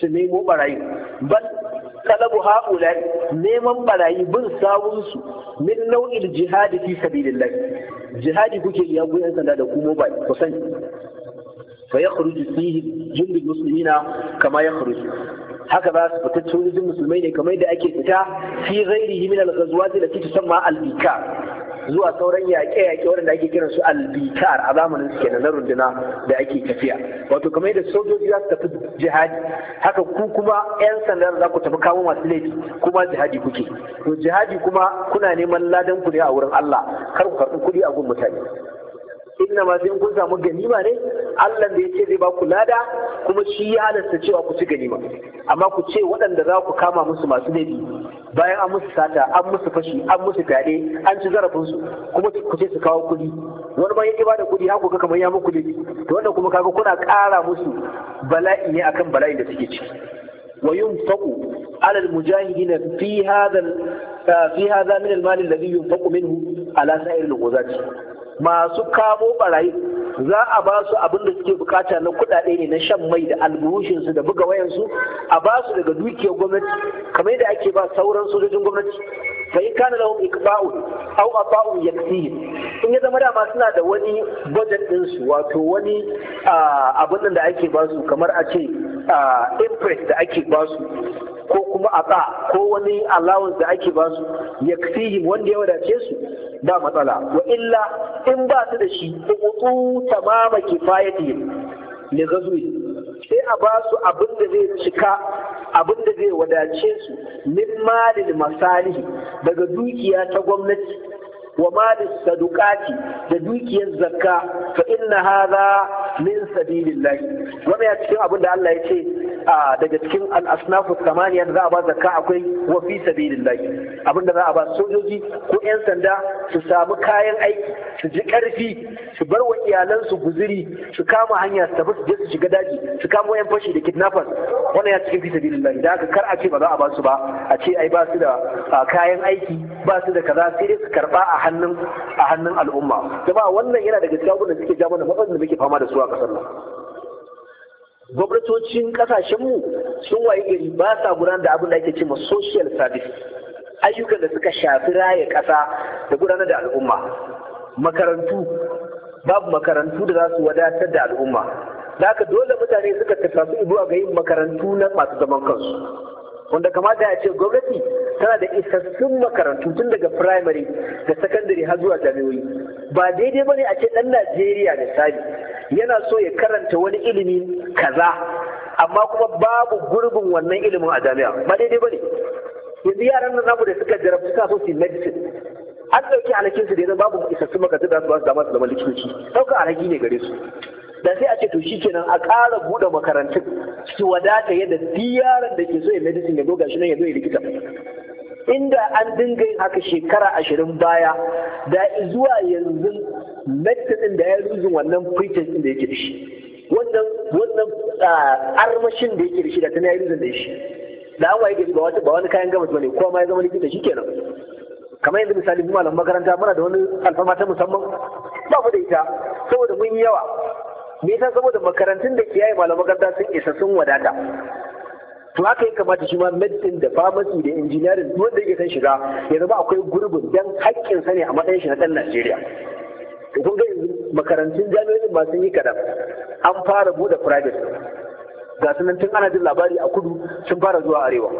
su nemo barayi bal talabu haula neman barayi bin sawun su min nau'il jihadi fi sabilillah jihadi kuke ya goyen sanda da ku mobile ku sani fa yakhruju fihi jundul muslimina kama yakhruju haka za su fita cikin musulmai ne kamar da ake fita fi ghairihi min al-ghazwat allati tusamma al-bikar zuwa sauran yaƙe-yaƙe waɗanda ake kiran su albitar a zamanin suke na runduna da ake tafiya wato kamar yadda sojoji za su tafi jihadi haka ku kuma 'yan sandar za ku tafi kamo masu laifi kuma jihadi kuke to jihadi kuma kuna neman ladan ku ne a wurin Allah kar ku karɓi kuɗi a gun mutane inna ma sai kun samu ganima ne Allah da yake zai ba ku lada kuma shi ya halasta cewa ku ci ganima amma ku ce waɗanda za ku kama musu masu laifi bayan an musu sata an musu fashi an musu fyaɗe an ci zarafin su kuma ku ce su kawo kuɗi wani ma yake bada kuɗi haku ga kamar ya muku laifi to wannan kuma kaga kuna ƙara musu bala'i ne akan bala'i da suke ci yunfaqu ala almujahidin fi hadha fi hadha min almal alladhi yunfaqu minhu ala masu kamo barayi za a ba su abin da suke bukata na kuɗaɗe ne na shan mai da alburushinsu da buga wayansu a ba su daga dukiyar gwamnati kamar yadda ake ba sauran sojojin gwamnati fa in kana lahum ikba'u aw ata'u yakfihi in ya zama dama suna da wani budget din su wato wani abin da ake ba su kamar a ce impress da ake ba su ko kuma atsa ko wani allowance da ake ba su yakfihi wanda ya wadace su Da matsala wa illa in ba su da shi hukutu tamama kifayati ne ghazwi sai a ba su abin da zai cika abin da zai wadace su min malil masalihi daga dukiya ta gwamnati wa malil sadukati da dukiyar zakka fa inna hadha min sabilillah Wani ya cikin abin da Allah ya ce daga cikin al-asnafu samaniya da za a ba zakka akwai wa fi sabilillah abin da za a ba sojoji ko yan sanda su samu kayan aiki su ji karfi su bar wa iyalansu guziri su kama hanya su tafi su je su shiga daji su kama yan fashi da kidnappers wannan ya cikin fi sabilillah da haka kar a ce ba za a ba su ba a ce ai ba su da kayan aiki ba su da kaza sai dai su karba a hannun a hannun al'umma jama'a wannan yana daga cikin abin da suke ja mana matsalolin da muke fama da su ƙasar nan gwamnatocin ƙasashenmu sun waye gari ba sa gudanar da abin da ake cewa social service ayyukan da suka shafi raya ƙasa da gudanar da al'umma makarantu babu makarantu da za su wadatar da al'umma da haka dole mutane suka tafi zuwa ga yin makarantu na masu zaman kansu wanda kamata ya ce gwamnati tana da isassun makarantu tun daga firamare da sakandare har zuwa jami'o'i ba daidai ba ne a ce ɗan najeriya misali yana so ya karanta wani ilimi kaza amma kuma babu gurbin wannan ilimin a jami'a ba daidai bane ne yanzu yaran nan namu da suka jarabtu suka so su medicine an ɗauki su da yanzu babu isassun makarantu da su ba su dama su zama likitoci ɗaukar alhaki ne gare su da sai a ce to shikenan a ƙara buɗe makarantun su wadata yadda yaran da ke so ya medicine ya zo gashi nan ya zo ya likita inda an dinga yin haka shekara ashirin baya da zuwa yanzu method din da ya rujin wannan pretense da yake da shi wannan wannan ah, armashin da yake da shi da tana ya rujin da shi da an waye gari ba wata ba wani kayan gabas bane kowa ma ya zama likita shikenan kamar yanzu misali mu malaman makaranta muna da wani alfama ta musamman ba mu da ita saboda mun yi yawa me yasa saboda makarantun da ke yayi malaman makaranta sun isa sun wadata to haka ya kamata shi ma medicine da pharmacy da engineering wanda yake san shiga yanzu ba akwai gurbin dan haƙƙin sa ne a matsayin shi na ɗan Najeriya kun ga yanzu makarantun jami'o'in ma sun yi kadan an fara bude private ga su tun ana jin labari a kudu sun fara zuwa arewa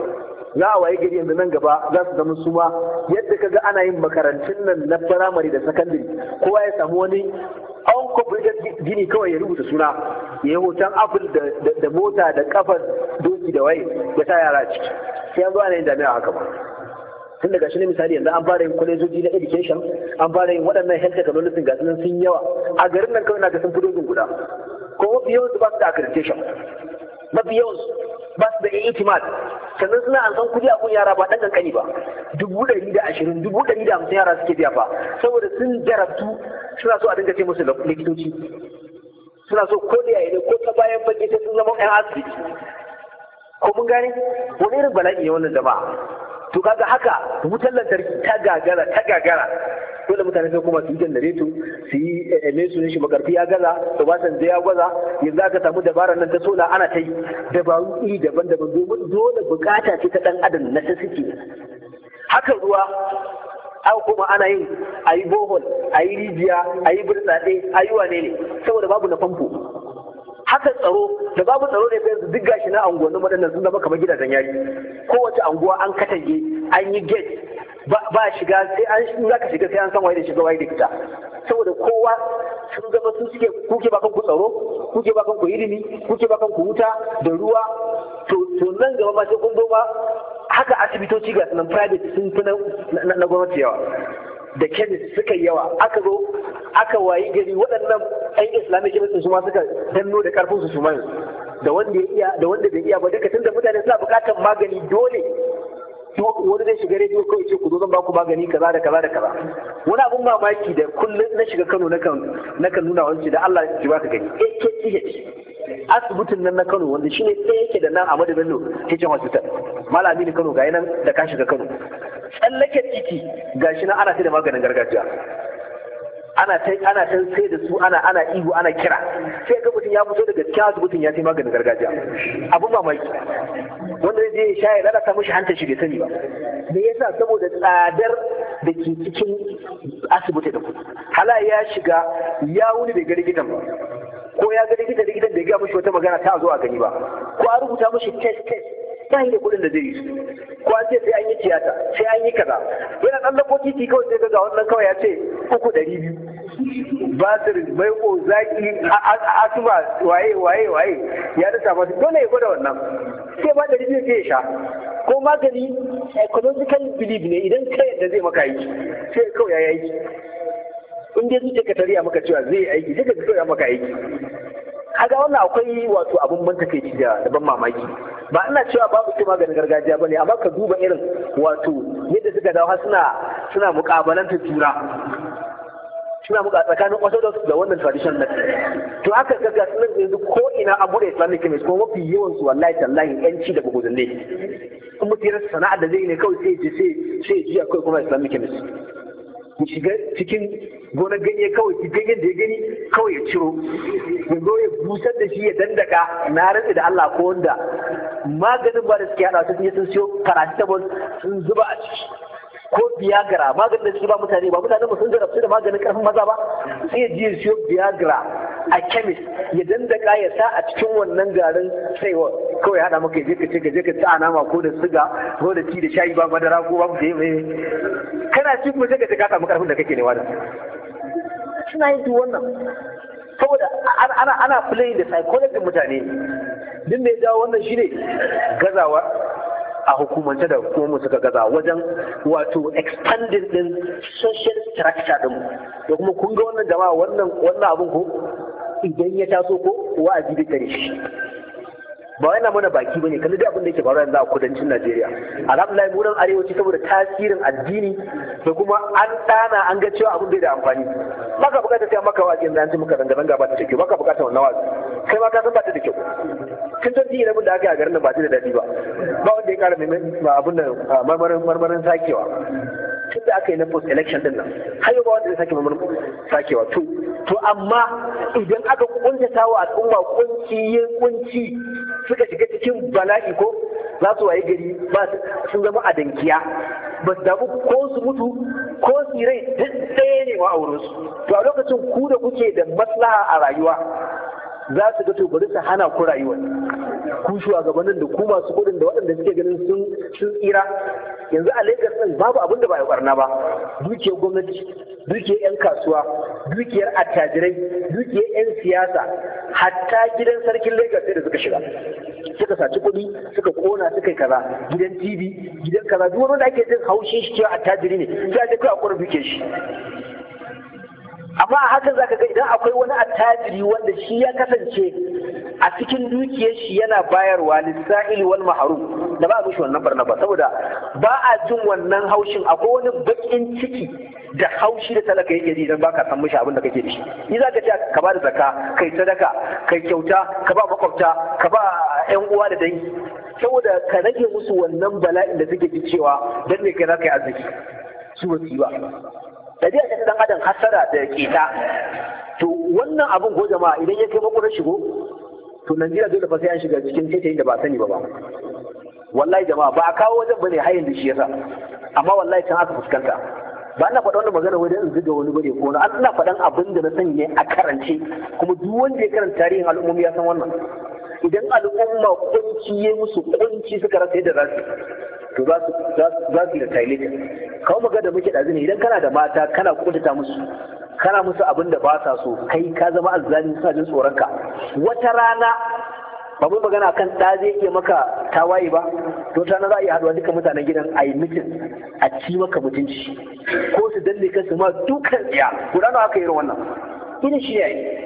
za a waye gari yanzu nan gaba za su zama suma yadda kaga ana yin makarantun nan na firamare da sakandare kowa ya samu wani an kwamfutar gini kawai ya rubuta suna ya yi hoton apple da mota da kafar doki da waye ya sa yara ciki sai an zo ana yin jami'a haka ba tun daga shi ne misali yanzu an fara yin kwalejoji na education an fara yin waɗannan health technologies ga sunan sun yawa a garin nan kawai na ga sun fi guda ko mafi yawan su ba su da accreditation mafi yawan su ba su da itimad sannan suna an san kuɗi a kun yara ba ɗan kankani ba dubu ɗari da ashirin dubu ɗari da hamsin yara suke biya fa saboda sun jarabtu suna so a dinga ce musu likitoci suna so ko da yayi ko ta bayan banki sai sun zama 'yan asibiti ko mun gane wani irin bala'i ne wannan jama'a to kaga haka wutar lantarki ta gagara ta gagara dole mutane sai kuma su yi janareto su yi emesu eh, eh, shi makarfi ya gaza san da ya gwaza yanzu aka samu dabarar nan ta sola ana ta yi dabaru iri daban-daban domin dole bukata ce ta dan adam na ta suke haka ruwa aka kuma ana yin a yi bohol a yi rijiya a yi burtsatse a yi wane ne saboda babu na famfo haka tsaro da babu tsaro ne yanzu duk gashi na anguwannin waɗannan sun zama kamar gidajen yari kowace anguwa an katange an yi gate ba shiga sai an za ka shiga sai an san waye da shiga waye da fita saboda kowa sun zama sun suke kuke ba kanku tsaro kuke ba kanku ilimi kuke ba kanku wuta da ruwa to nan gaba ma sai kun ba haka asibitoci ga nan private sun fi na gwamnati yawa da kemis suka yi yawa aka zo aka wayi gari waɗannan ɗan islamic kemis su ma suka danno da karfin su su da wanda ya iya da wanda bai iya ba duka tunda mutane suna buƙatar magani dole wani zai shiga rediyo kawai ce ku zo zan baku magani kaza da kaza da kaza wani abun mamaki da kullum na shiga Kano na kan na kan nuna wani da Allah ya baka gani AKTH asibitin nan na Kano wanda shine ɗaya yake da nan Ahmadu Bello Teaching Hospital Malami ne Kano ga nan da ka shiga Kano tsallake titi gashi na ana sai da maganin gargajiya ana ta ana ta sai da su ana ana ihu ana kira sai ga mutum ya fito daga cikin asibitin ya sai maganin gargajiya abun mamaki wanda zai je ya sha ya lalata mishi hanta shi bai sani ba me yasa saboda tsadar da ke cikin asibiti da kuɗi hala ya shiga ya wuni bai ga likitan ba ko ya ga likitan likitan bai ga mishi wata magana ta zo a gani ba ko a rubuta mishi test test ta hanyar kuɗin da zai yi ko an ce sai an yi tiyata sai an yi kaza yana ɗan lako titi kawai sai ga wannan kawai ya ce uku ɗari biyu basir ko zaki asuba waye waye waye ya da samu dole ya gwada wannan sai ba ɗari biyu sai ya sha ko magani ecological belief ne idan ka yadda zai maka aiki sai kawai ya yi in dai zuciya ka tariya maka cewa zai yi aiki zai ka kawai maka aiki kaga wannan akwai wato abun ban takeici da ban mamaki ba ina cewa babu ce maganin gargajiya bane amma ka duba irin wato yadda suka dawo har suna suna mukabalantar jura suna muka tsakanin orthodox da wannan tradition na to haka gaga sunan yanzu ko ina an bude islamic chemist ko mafi yawan su wallahi tallahi yanci da bugudanne ne kuma ya sana'a da zai ne kawai sai je sai sai ya kawai kuma islamic chemist shiga cikin gonar ganye kawai cikin yadda ya gani kawai ya ciro ya zo ya busar da shi ya dandaka na rantsi da Allah ko wanda maganin ba da suke hada sun siyo paracetamol sun zuba a ciki ko Viagra maganin da su ba mutane ba mutane sun jarabtu da maganin karfin maza ba sai ya je siyo Viagra a kemis ya dandaka ya sa a cikin wannan garin saiwa kawai hada maka je ka ce ka je ka ci nama ko da siga ko da ci da shayi ba madara ko ba je mai kana ci kuma sai ka ci ka samu karfin da kake ne wani suna yin wannan saboda ana ana play da psychology mutane din da ya dawo wannan shine gazawa a hukumance da hukumomi suka gaza wajen wato expanding din social structure din da kuma kun ga wannan jama'a wannan wannan abin ko idan ya taso ko a jibi kare shi ba yana mana baki bane kalli duk abin da yake faruwa yanzu a kudancin Najeriya alhamdulillah mu nan arewaci saboda tasirin addini da kuma an dana an ga cewa abin bai da amfani baka bukata sai maka wa'azi yanzu an ji muka zanga zanga ba ta take baka bukata wannan wa'azi kai ma ka san ba ta da kyau kin san ji rabin da aka yi a garin nan ba ta da daɗi ba ba wanda ya kara mai abin nan marmarin marmarin sakewa tun da aka yi na post election din nan har yau ba wanda ya sake marmarin sakewa to to amma idan aka kuntata wa al'umma kunci yin kunci suka shiga cikin bala'i ko za su waye gari ba sun zama a dankiya ba su damu ko su mutu ko su rai duk ɗaya ne ma a to a lokacin ku da kuke da maslaha a rayuwa za su ga to bari su hana ku rayuwa ku shugabannin da ku masu kudin da waɗanda suke ganin sun sun tsira yanzu a Lagos ɗin babu abin da ba ya barna ba dukiyar gwamnati dukiyar yan kasuwa dukiyar attajirai dukiyar yan siyasa hatta gidan sarkin Lagos sai da suka shiga suka saci kuɗi suka kona suka yi kaza gidan TV gidan kaza duk wanda ake jin haushin shi cewa attajiri ne sai a je kai a kura dukiyar shi amma a haka zaka ga idan akwai wani attajiri wanda shi ya kasance a cikin dukiyar shi yana bayarwa lissa'il wal mahrum da ba a mishi wannan barna ba saboda ba a jin wannan haushin akwai wani bakin ciki da haushi da talaka yake ji idan baka san mishi abin da kake da shi ni zaka ce ka ba da zakka kai sadaka kai kyauta ka ba makwabta ka ba yan uwa da dangi saboda ka rage musu wannan bala'in da suke ji cewa dan ne kai zaka yi arziki su ba zai ta dan adam hasara da keta to wannan abin ko jama'a idan ya kai makwarar shigo to nan jira dole fa sai an shiga cikin tetayin da ba sani ba ba wallahi jama'a ba a kawo wajen bane hayin da shi yasa amma wallahi can aka fuskanta ba na faɗa wani magana wajen in zuga wani bane ko na ina faɗan abin da na sani ne a karance kuma duk wanda ya karanta tarihin al'ummomi ya san wannan idan al'umma kunci ya musu kunci suka rasa yadda za su to za su za da tailita kawo maga da muke ɗazini idan kana da mata kana kuɗuta musu kana musu abin da ba sa so kai ka zama azzani suna jin tsoronka wata rana ba mun magana kan ɗa zai iya maka tawaye ba to ta na za a iya haɗuwa duka mutanen gidan a yi mutum, a ci maka mutunci ko su danne kansu ma dukan tsaya gudanar aka yi wannan ina shi ne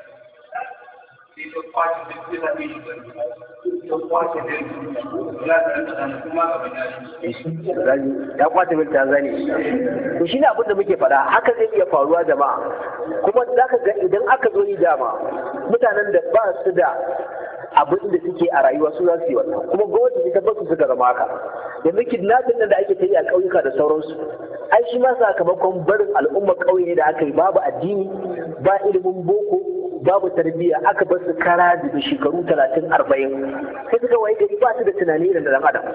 ita kwace da kira mai ita kwace da ya kuma ya kwace mai ta zane to shine abin da muke faɗa haka zai iya faruwa jama'a kuma zaka ga idan aka zo yi dama mutanen da ba su da abin da suke a rayuwa su za su yi wannan kuma gwamnati ta tabbatar suka zama haka yanzu kidnapping nan da ake ta yi a ƙauyuka da sauransu ai shi ma sakamakon barin al'ummar ƙauye da aka yi babu addini ba ilimin boko babu tarbiyya aka bar su kara da shekaru talatin arba'in sai suka waye gari ba su da tunani da dan adam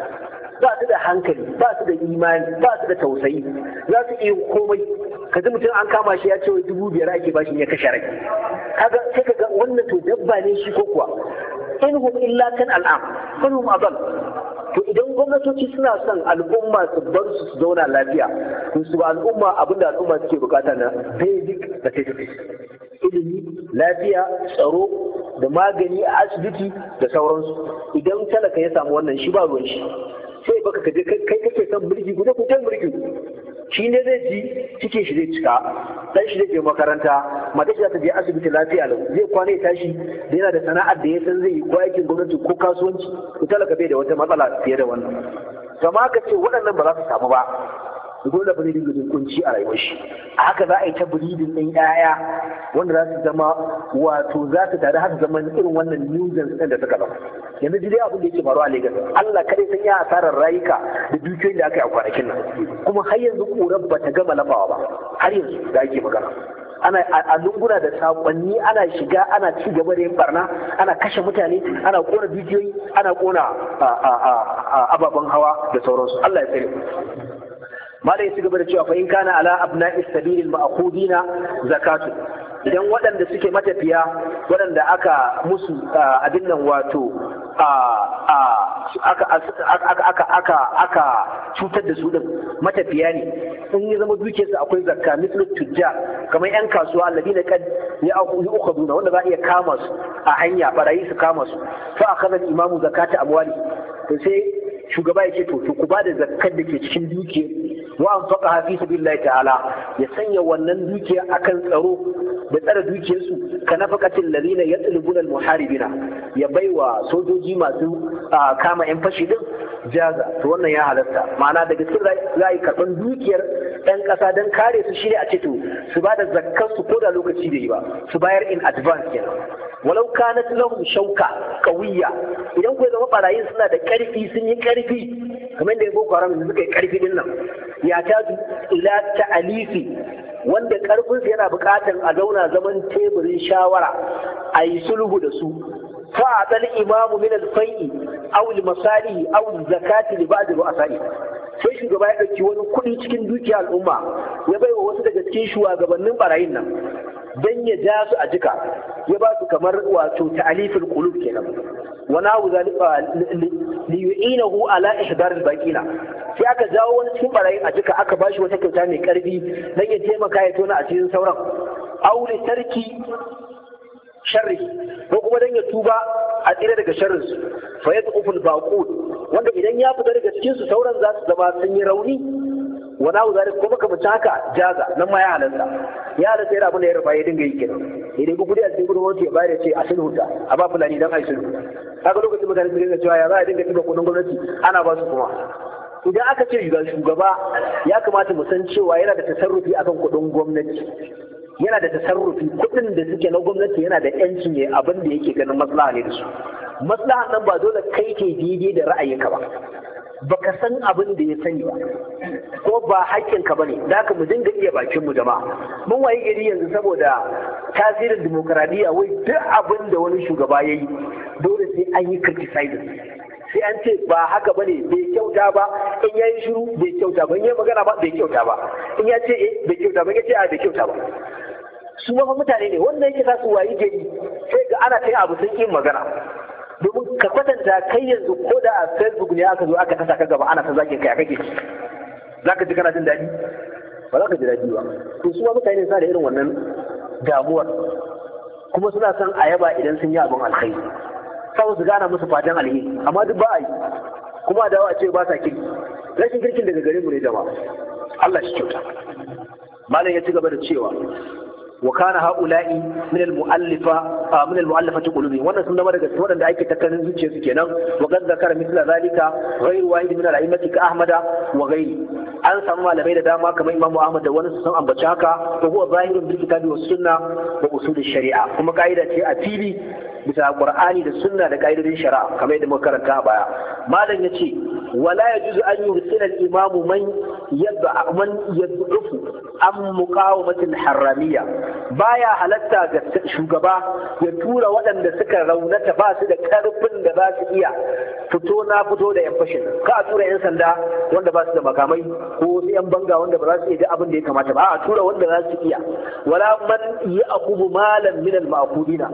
ba su da hankali ba su da imani ba su da tausayi za su iya komai ka ji mutum an kama shi ya ce dubu biyar ake bashi ya kashe rai kaga sai ka wannan to dabba ne shi ko kuwa in illa kan al'am in adal to idan gwamnatoci suna son al'umma su bar su su zauna lafiya to su al'umma abinda al'umma suke bukata na basic da ilimi lafiya tsaro da magani a asibiti da sauransu idan talaka ya samu wannan shi ba ruwan shi sai baka kaje kai kake son mulki guje ku mulki shi ne zai ji cikin shi zai cika dan shi zai makaranta mata shi ta je asibiti lafiya lau zai kwana ya tashi da yana da sana'ar da ya san zai yi ko aikin gwamnati ko kasuwanci ku talaka bai da wata matsala fiye da wannan kama ka ce waɗannan ba za su samu ba dole ba zai da kunci a rayuwar shi a haka za a yi ta buridin ɗin ƴaƴa wanda za su zama wato za su tare har zama irin wannan nuisance ɗin da suka zama yanzu dai abin da yake faru a Lagos Allah kare san ya asarar rayuka da dukiyoyin da aka yi a kwanakin nan kuma har yanzu ƙorar ba ta gama lafawa ba har yanzu da ake magana ana a lunguna da sakonni ana shiga ana ci gaba da yin barna ana kashe mutane ana kona dukiyoyi ana kona ababen hawa da sauransu Allah ya tsare malai su cigaba da cewa fa in kana ala abna istabilil ma'khudina zakatu idan waɗanda suke matafiya waɗanda aka musu abin nan wato aka cutar da su din matafiya ne in ya zama dukiyarsu akwai zakka mislu tujja kamar yan kasuwa alladina kad ya ukhaduna wanda za a iya kama su a hanya barayi su kama su fa akhadha imamu zakata amwali to sai shugaba yake to ku ba da zakkar da ke cikin dukiyar wa anfaqa fi sabilillahi ta'ala ya sanya wannan dukiya akan tsaro da tsara su ka nafaqatil ladina yatlubuna muharibina, ya baiwa sojoji masu kama yan fashi din jaza to wannan ya halatta ma'ana daga cikin za yi karɓar dukiyar ɗan ƙasa don kare su shi a ce to su ba da zakkar su ko da lokaci da yi ba su bayar in advance kenan walau kanat lahum shauka qawiyya idan ku zama barayin suna da ƙarfi sun yi ƙarfi kamar da boko haram suka yi ƙarfi din nan ya ta ila ta'alifi wanda karfinsa yana buƙatar a zauna zaman teburin shawara ayi sulhu da su fa a imamu min al-fai'i aw al-masalihi aw zakati li ba'd ru'asai sai shugaba ya dauki wani kuɗi cikin dukiyar al'umma ya bai wa wasu daga cikin shugabannin barayin nan dan ya ja su a jika ya ba su kamar wato ta'alifin qulub kenan wana abu zalika li yu'inahu ala ihdar al-baqina sai aka jawo wani cikin barayin a jika aka bashi wata kyauta mai karfi dan ya taimaka ya tona a cikin sauran aure sarki sharri ko kuma dan ya tuba a tsira daga sharrin su fa yadqufu al wanda idan ya fita daga cikin su sauran za su zama sun yi rauni wana abu zalika kuma makamacin haka jaza nan ma ya halatta ya halatta yana abin da ya rufa ya dinga yi kenan idan ku gudu a cikin gudu wani ya bayar ya ce a sulhu ta a ba fulani dan yi sulhu kaga lokacin mutane su dinga cewa ya za a dinga tuba kudin gwamnati ana ba su kuma idan aka ce ga shugaba ya kamata mu san cewa yana da tasarrufi akan kudin gwamnati yana da tasarrufi kudin da suke na gwamnati yana da yancin ne abin da yake ganin maslaha ne da su maslaha nan ba dole kai ke daidai da ra'ayinka ba baka san abin da ya sani ba ko ba hakkinka ba ne da mu dinga iya bakin mu jama'a mun waye gari yanzu saboda tasirin demokaradiyya wai duk abin da wani shugaba ya yi dole sai an yi criticizing sai an ce ba haka bane bai kyauta ba in ya yi shiru bai kyauta ba in ya magana ba bai kyauta ba in ya ce eh bai kyauta ba in ya ce a ah, bai kyauta ba su mafa mutane ne wanda yake za su wayi gari sai ga ana kai abu sun yi magana domin ka kwatanta kai yanzu ko da a facebook ne aka zo aka kasa ka gaba ana ta zagin kai a kake za ka ji kana jin daɗi ba za ka ji daɗi ba to su ma mutane suna da irin wannan damuwar kuma suna son a yaba idan sun yi abin alkhairi sau su gana musu fatan alheri amma duk ba a yi kuma a dawo a ce ba sa kirki rashin kirkin daga gare mu ne jama'a Allah shi kyauta malam ya ci gaba da cewa wa kana haula'i min al-mu'allifa ah, min al-mu'allafati wannan sun zama daga wadanda ake tattalin zuciya su kenan wa qad zakara mithla zalika ghayru wahid min al-a'immati ka ahmada wa ghayri an samu malamai da dama kamar imam ahmad da wani sun ambaci haka fa huwa zahirun bil kitabi was sunna wa shari'a kuma kaida ce a fili bisa qur'ani da sunna da kaidodin shari'a kamar yadda muka karanta a baya malam yace wala yajuzu an yursila al-imam man yad'a man yad'ufu am muqawamatil harramiyya baya halatta ga shugaba ya tura waɗanda suka raunata ba su da karfin da za su iya fito na fito da yan fashin ka a tura yan sanda wanda ba su da makamai ko su yan banga wanda ba za su iya abin da ya kamata ba a tura wanda za su iya wala man yi akubu malam min al ma'akudina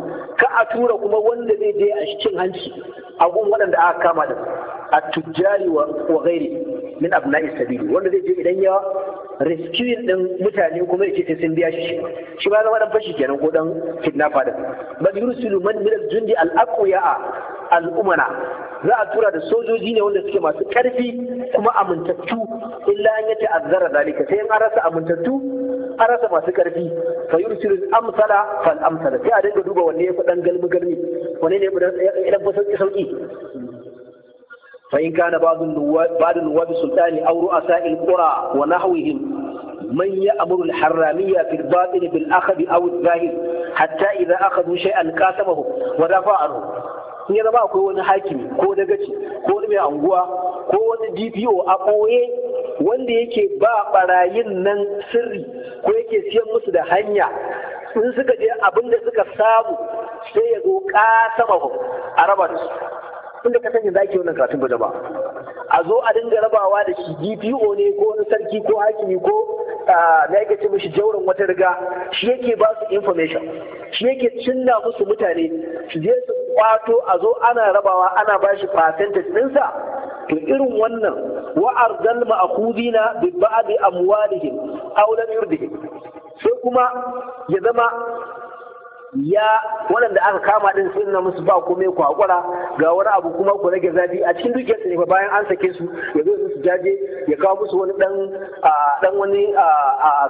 a tura kuma wanda zai je a cikin hanci a waɗanda aka kama da a tujjari wa gairi min abna'i sabili wanda zai je idan ya rescue din mutane kuma ya ce sai sun biya shi shi ma zama dan fashi kenan ko dan kidnapper din bal yursilu man min al-jundi al-aqwiya al'umana za a tura da sojoji ne wanda suke masu ƙarfi kuma amintattu illa an yace azzara zalika sai an rasa amintattu an rasa masu ƙarfi. fa yursilu amsala fal amsala sai a dinga duba wanne ya fi dan galmi galmi wanne ne ya fi sauki sauki fa in kana ba'd nuwab sultani aw ru'asa al qura wa nahwihim من يأمر الحرامية في الباطن بالأخذ أو الظاهر حتى إذا أخذوا شيئا قاسمه ودفع عنه in ya zama akwai wani hakimi ko dagaci ko wani mai anguwa ko wani DPO a ɓoye wanda yake ba barayin nan sirri ko yake siyan musu da hanya in suka je abin da suka samu sai ya zo ƙasa a raba da tunda ka sani zaki wannan karatun ba jama'a a zo a dinga rabawa da shi DPO ne ko wani sarki ko hakimi ko na yake ce mishi jauran wata riga shi yake ba su information shi yake cinna musu mutane su je su kwato a zo ana rabawa ana ba shi percentage ɗinsa to irin wannan wa'arzal ma'khudina bi ba'di amwalihim aw lam yurdihim sai kuma ya zama ya waɗanda aka kama din sun na musu ba komai ku haƙura ga wani abu kuma ku rage zafi a cikin dukiyar su ne fa bayan an sake su ya zo su jaje ya kawo musu wani ɗan wani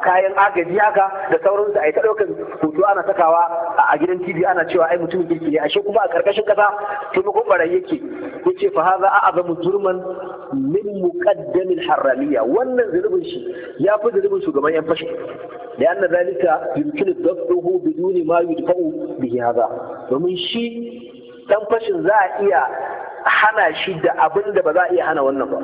kayan agaji haka da sauransu a yi ta ɗaukar hoto ana sakawa a gidan TV ana cewa ai mutumin kirki ne ashe kuma a karkashin kasa taimakon barai yake ce fa haza hadha mu zurman min muƙaddamin haramiya wannan zulubin shi ya fi zulubin shugaban yan fashi da anna zalika yumkinu dafuhu ma yunfa'u bihi ba domin shi dan fashin za a iya hana shi da abin da ba za a iya hana wannan ba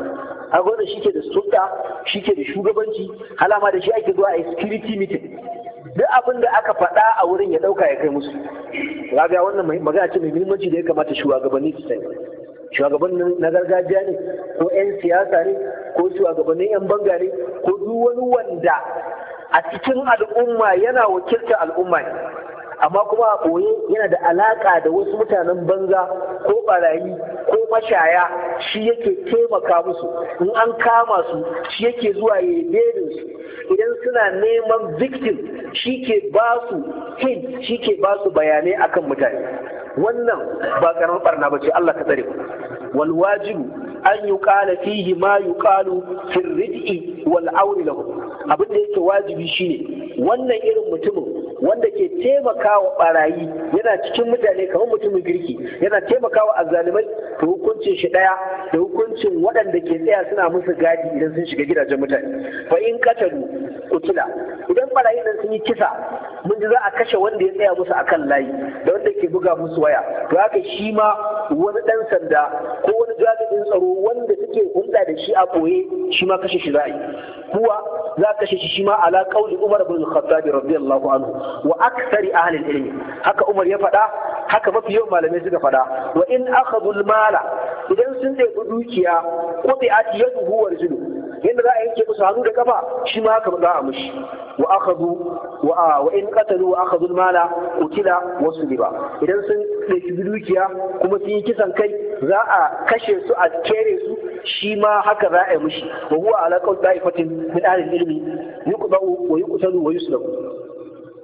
a gwada shi ke da sulta shi ke da shugabanci halama da shi ake zuwa a security meeting duk abin da aka faɗa a wurin ya ɗauka ya kai musu ga wannan magana ce mai muhimmanci da ya kamata shugabanni su sani shugabannin na gargajiya ne ko 'yan siyasa ne ko shugabannin 'yan banga ne ko duk wani wanda a cikin al'umma yana wakiltar al'umma ne amma kuma a ɓoye yana da alaƙa da wasu mutanen banza ko ɓarayi ko mashaya shi yake taimaka musu in an kama su shi yake zuwa ya yi su idan suna neman victim shi ke ba su hint shi ke ba su bayanai akan mutane wannan ba karamar barna ba ce Allah ka tsare wal wajibu an yi kala fihi ma yi kalu firriti wal'auri lahu abin da yake wajibi shine wannan irin mutumin wanda ke taimakawa barayi yana cikin mutane kamar mutumin girki yana taimakawa azzalimai da hukuncin shi daya da hukuncin waɗanda ke tsaya suna musu gadi idan sun shiga gidajen mutane fa in katalu kutula idan barayin nan sun yi kisa mun ji za a kashe wanda ya tsaya musu akan layi da wanda ke buga musu waya to haka shi ma wani dan sanda ko wani jami'in tsaro a ɓoye shi ma kashe shi kuwa za kashe shi shi ma ala kauli Umar bin Khattab radiyallahu anhu wa a halin ilimi haka Umar ya faɗa haka mafi yawan malamai suka faɗa wa in akhadhu mala idan sun ɗebi dukiya qati'at yaduhu wa rijluhu yadda za a yanke musu hannu da kafa shi ma haka za a mushi wa akhadhu wa wa in qatalu wa akhadhu mala qutila wa idan sun ɗebi dukiya kuma sun yi kisan kai za a kashe su a kere su shi ma haka za a yi mishi wa huwa ala qawl da'ifatin min ahli ilmi yuqda wa yuqtalu wa yuslaku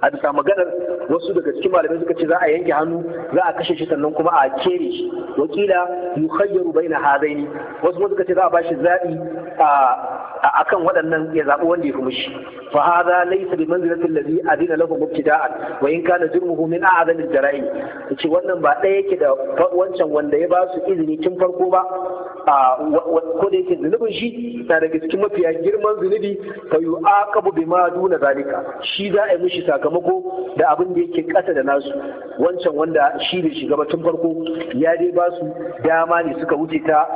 a bisa maganar wasu daga cikin malamai suka ce za a yanke hannu za a kashe shi sannan kuma a kere shi wakila yukhayyaru baina hadaini wasu kuma suka ce za a bashi zabi a akan waɗannan ya zaɓi wanda ya fi mushi fa hadha laysa bi manzilati alladhi adina lahu mubtida'an wa in kana jurmuhu min a'zami jarai yace wannan ba ɗaya yake da wancan wanda ya ba su izini tun farko ba ko da yake zunubin shi na daga cikin mafiya girman zunubi fa yu'aqabu bima duna zalika shi za a yi mushi sakamako sakamako da abin da yake kasa da nasu wancan wanda shi ne shiga batun farko ya dai ba su dama ne suka wuce ta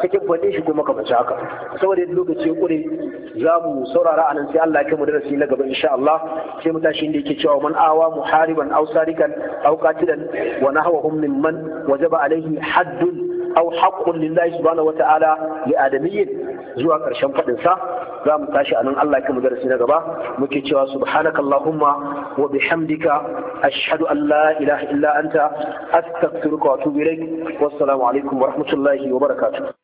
cikin faɗe shi kuma kamar haka saboda yadda lokaci kure za mu saurara a nan sai Allah ya kai mu darasi na gaba insha Allah sai mu tashi inda yake cewa man awa muhariban aw sarikan aw qatilan wa nahwahum mimman wajaba alaihi haddun aw haƙƙun lillahi subhanahu wata'ala li adamiyyin zuwa ƙarshen fadin sa za mu tashi anan Allah ya mu darasi na gaba muke cewa subhanakallahumma wa bihamdika ashhadu an la ilaha illa anta astaghfiruka wa atubu Wa wassalamu alaikum wa rahmatullahi wa barakatuh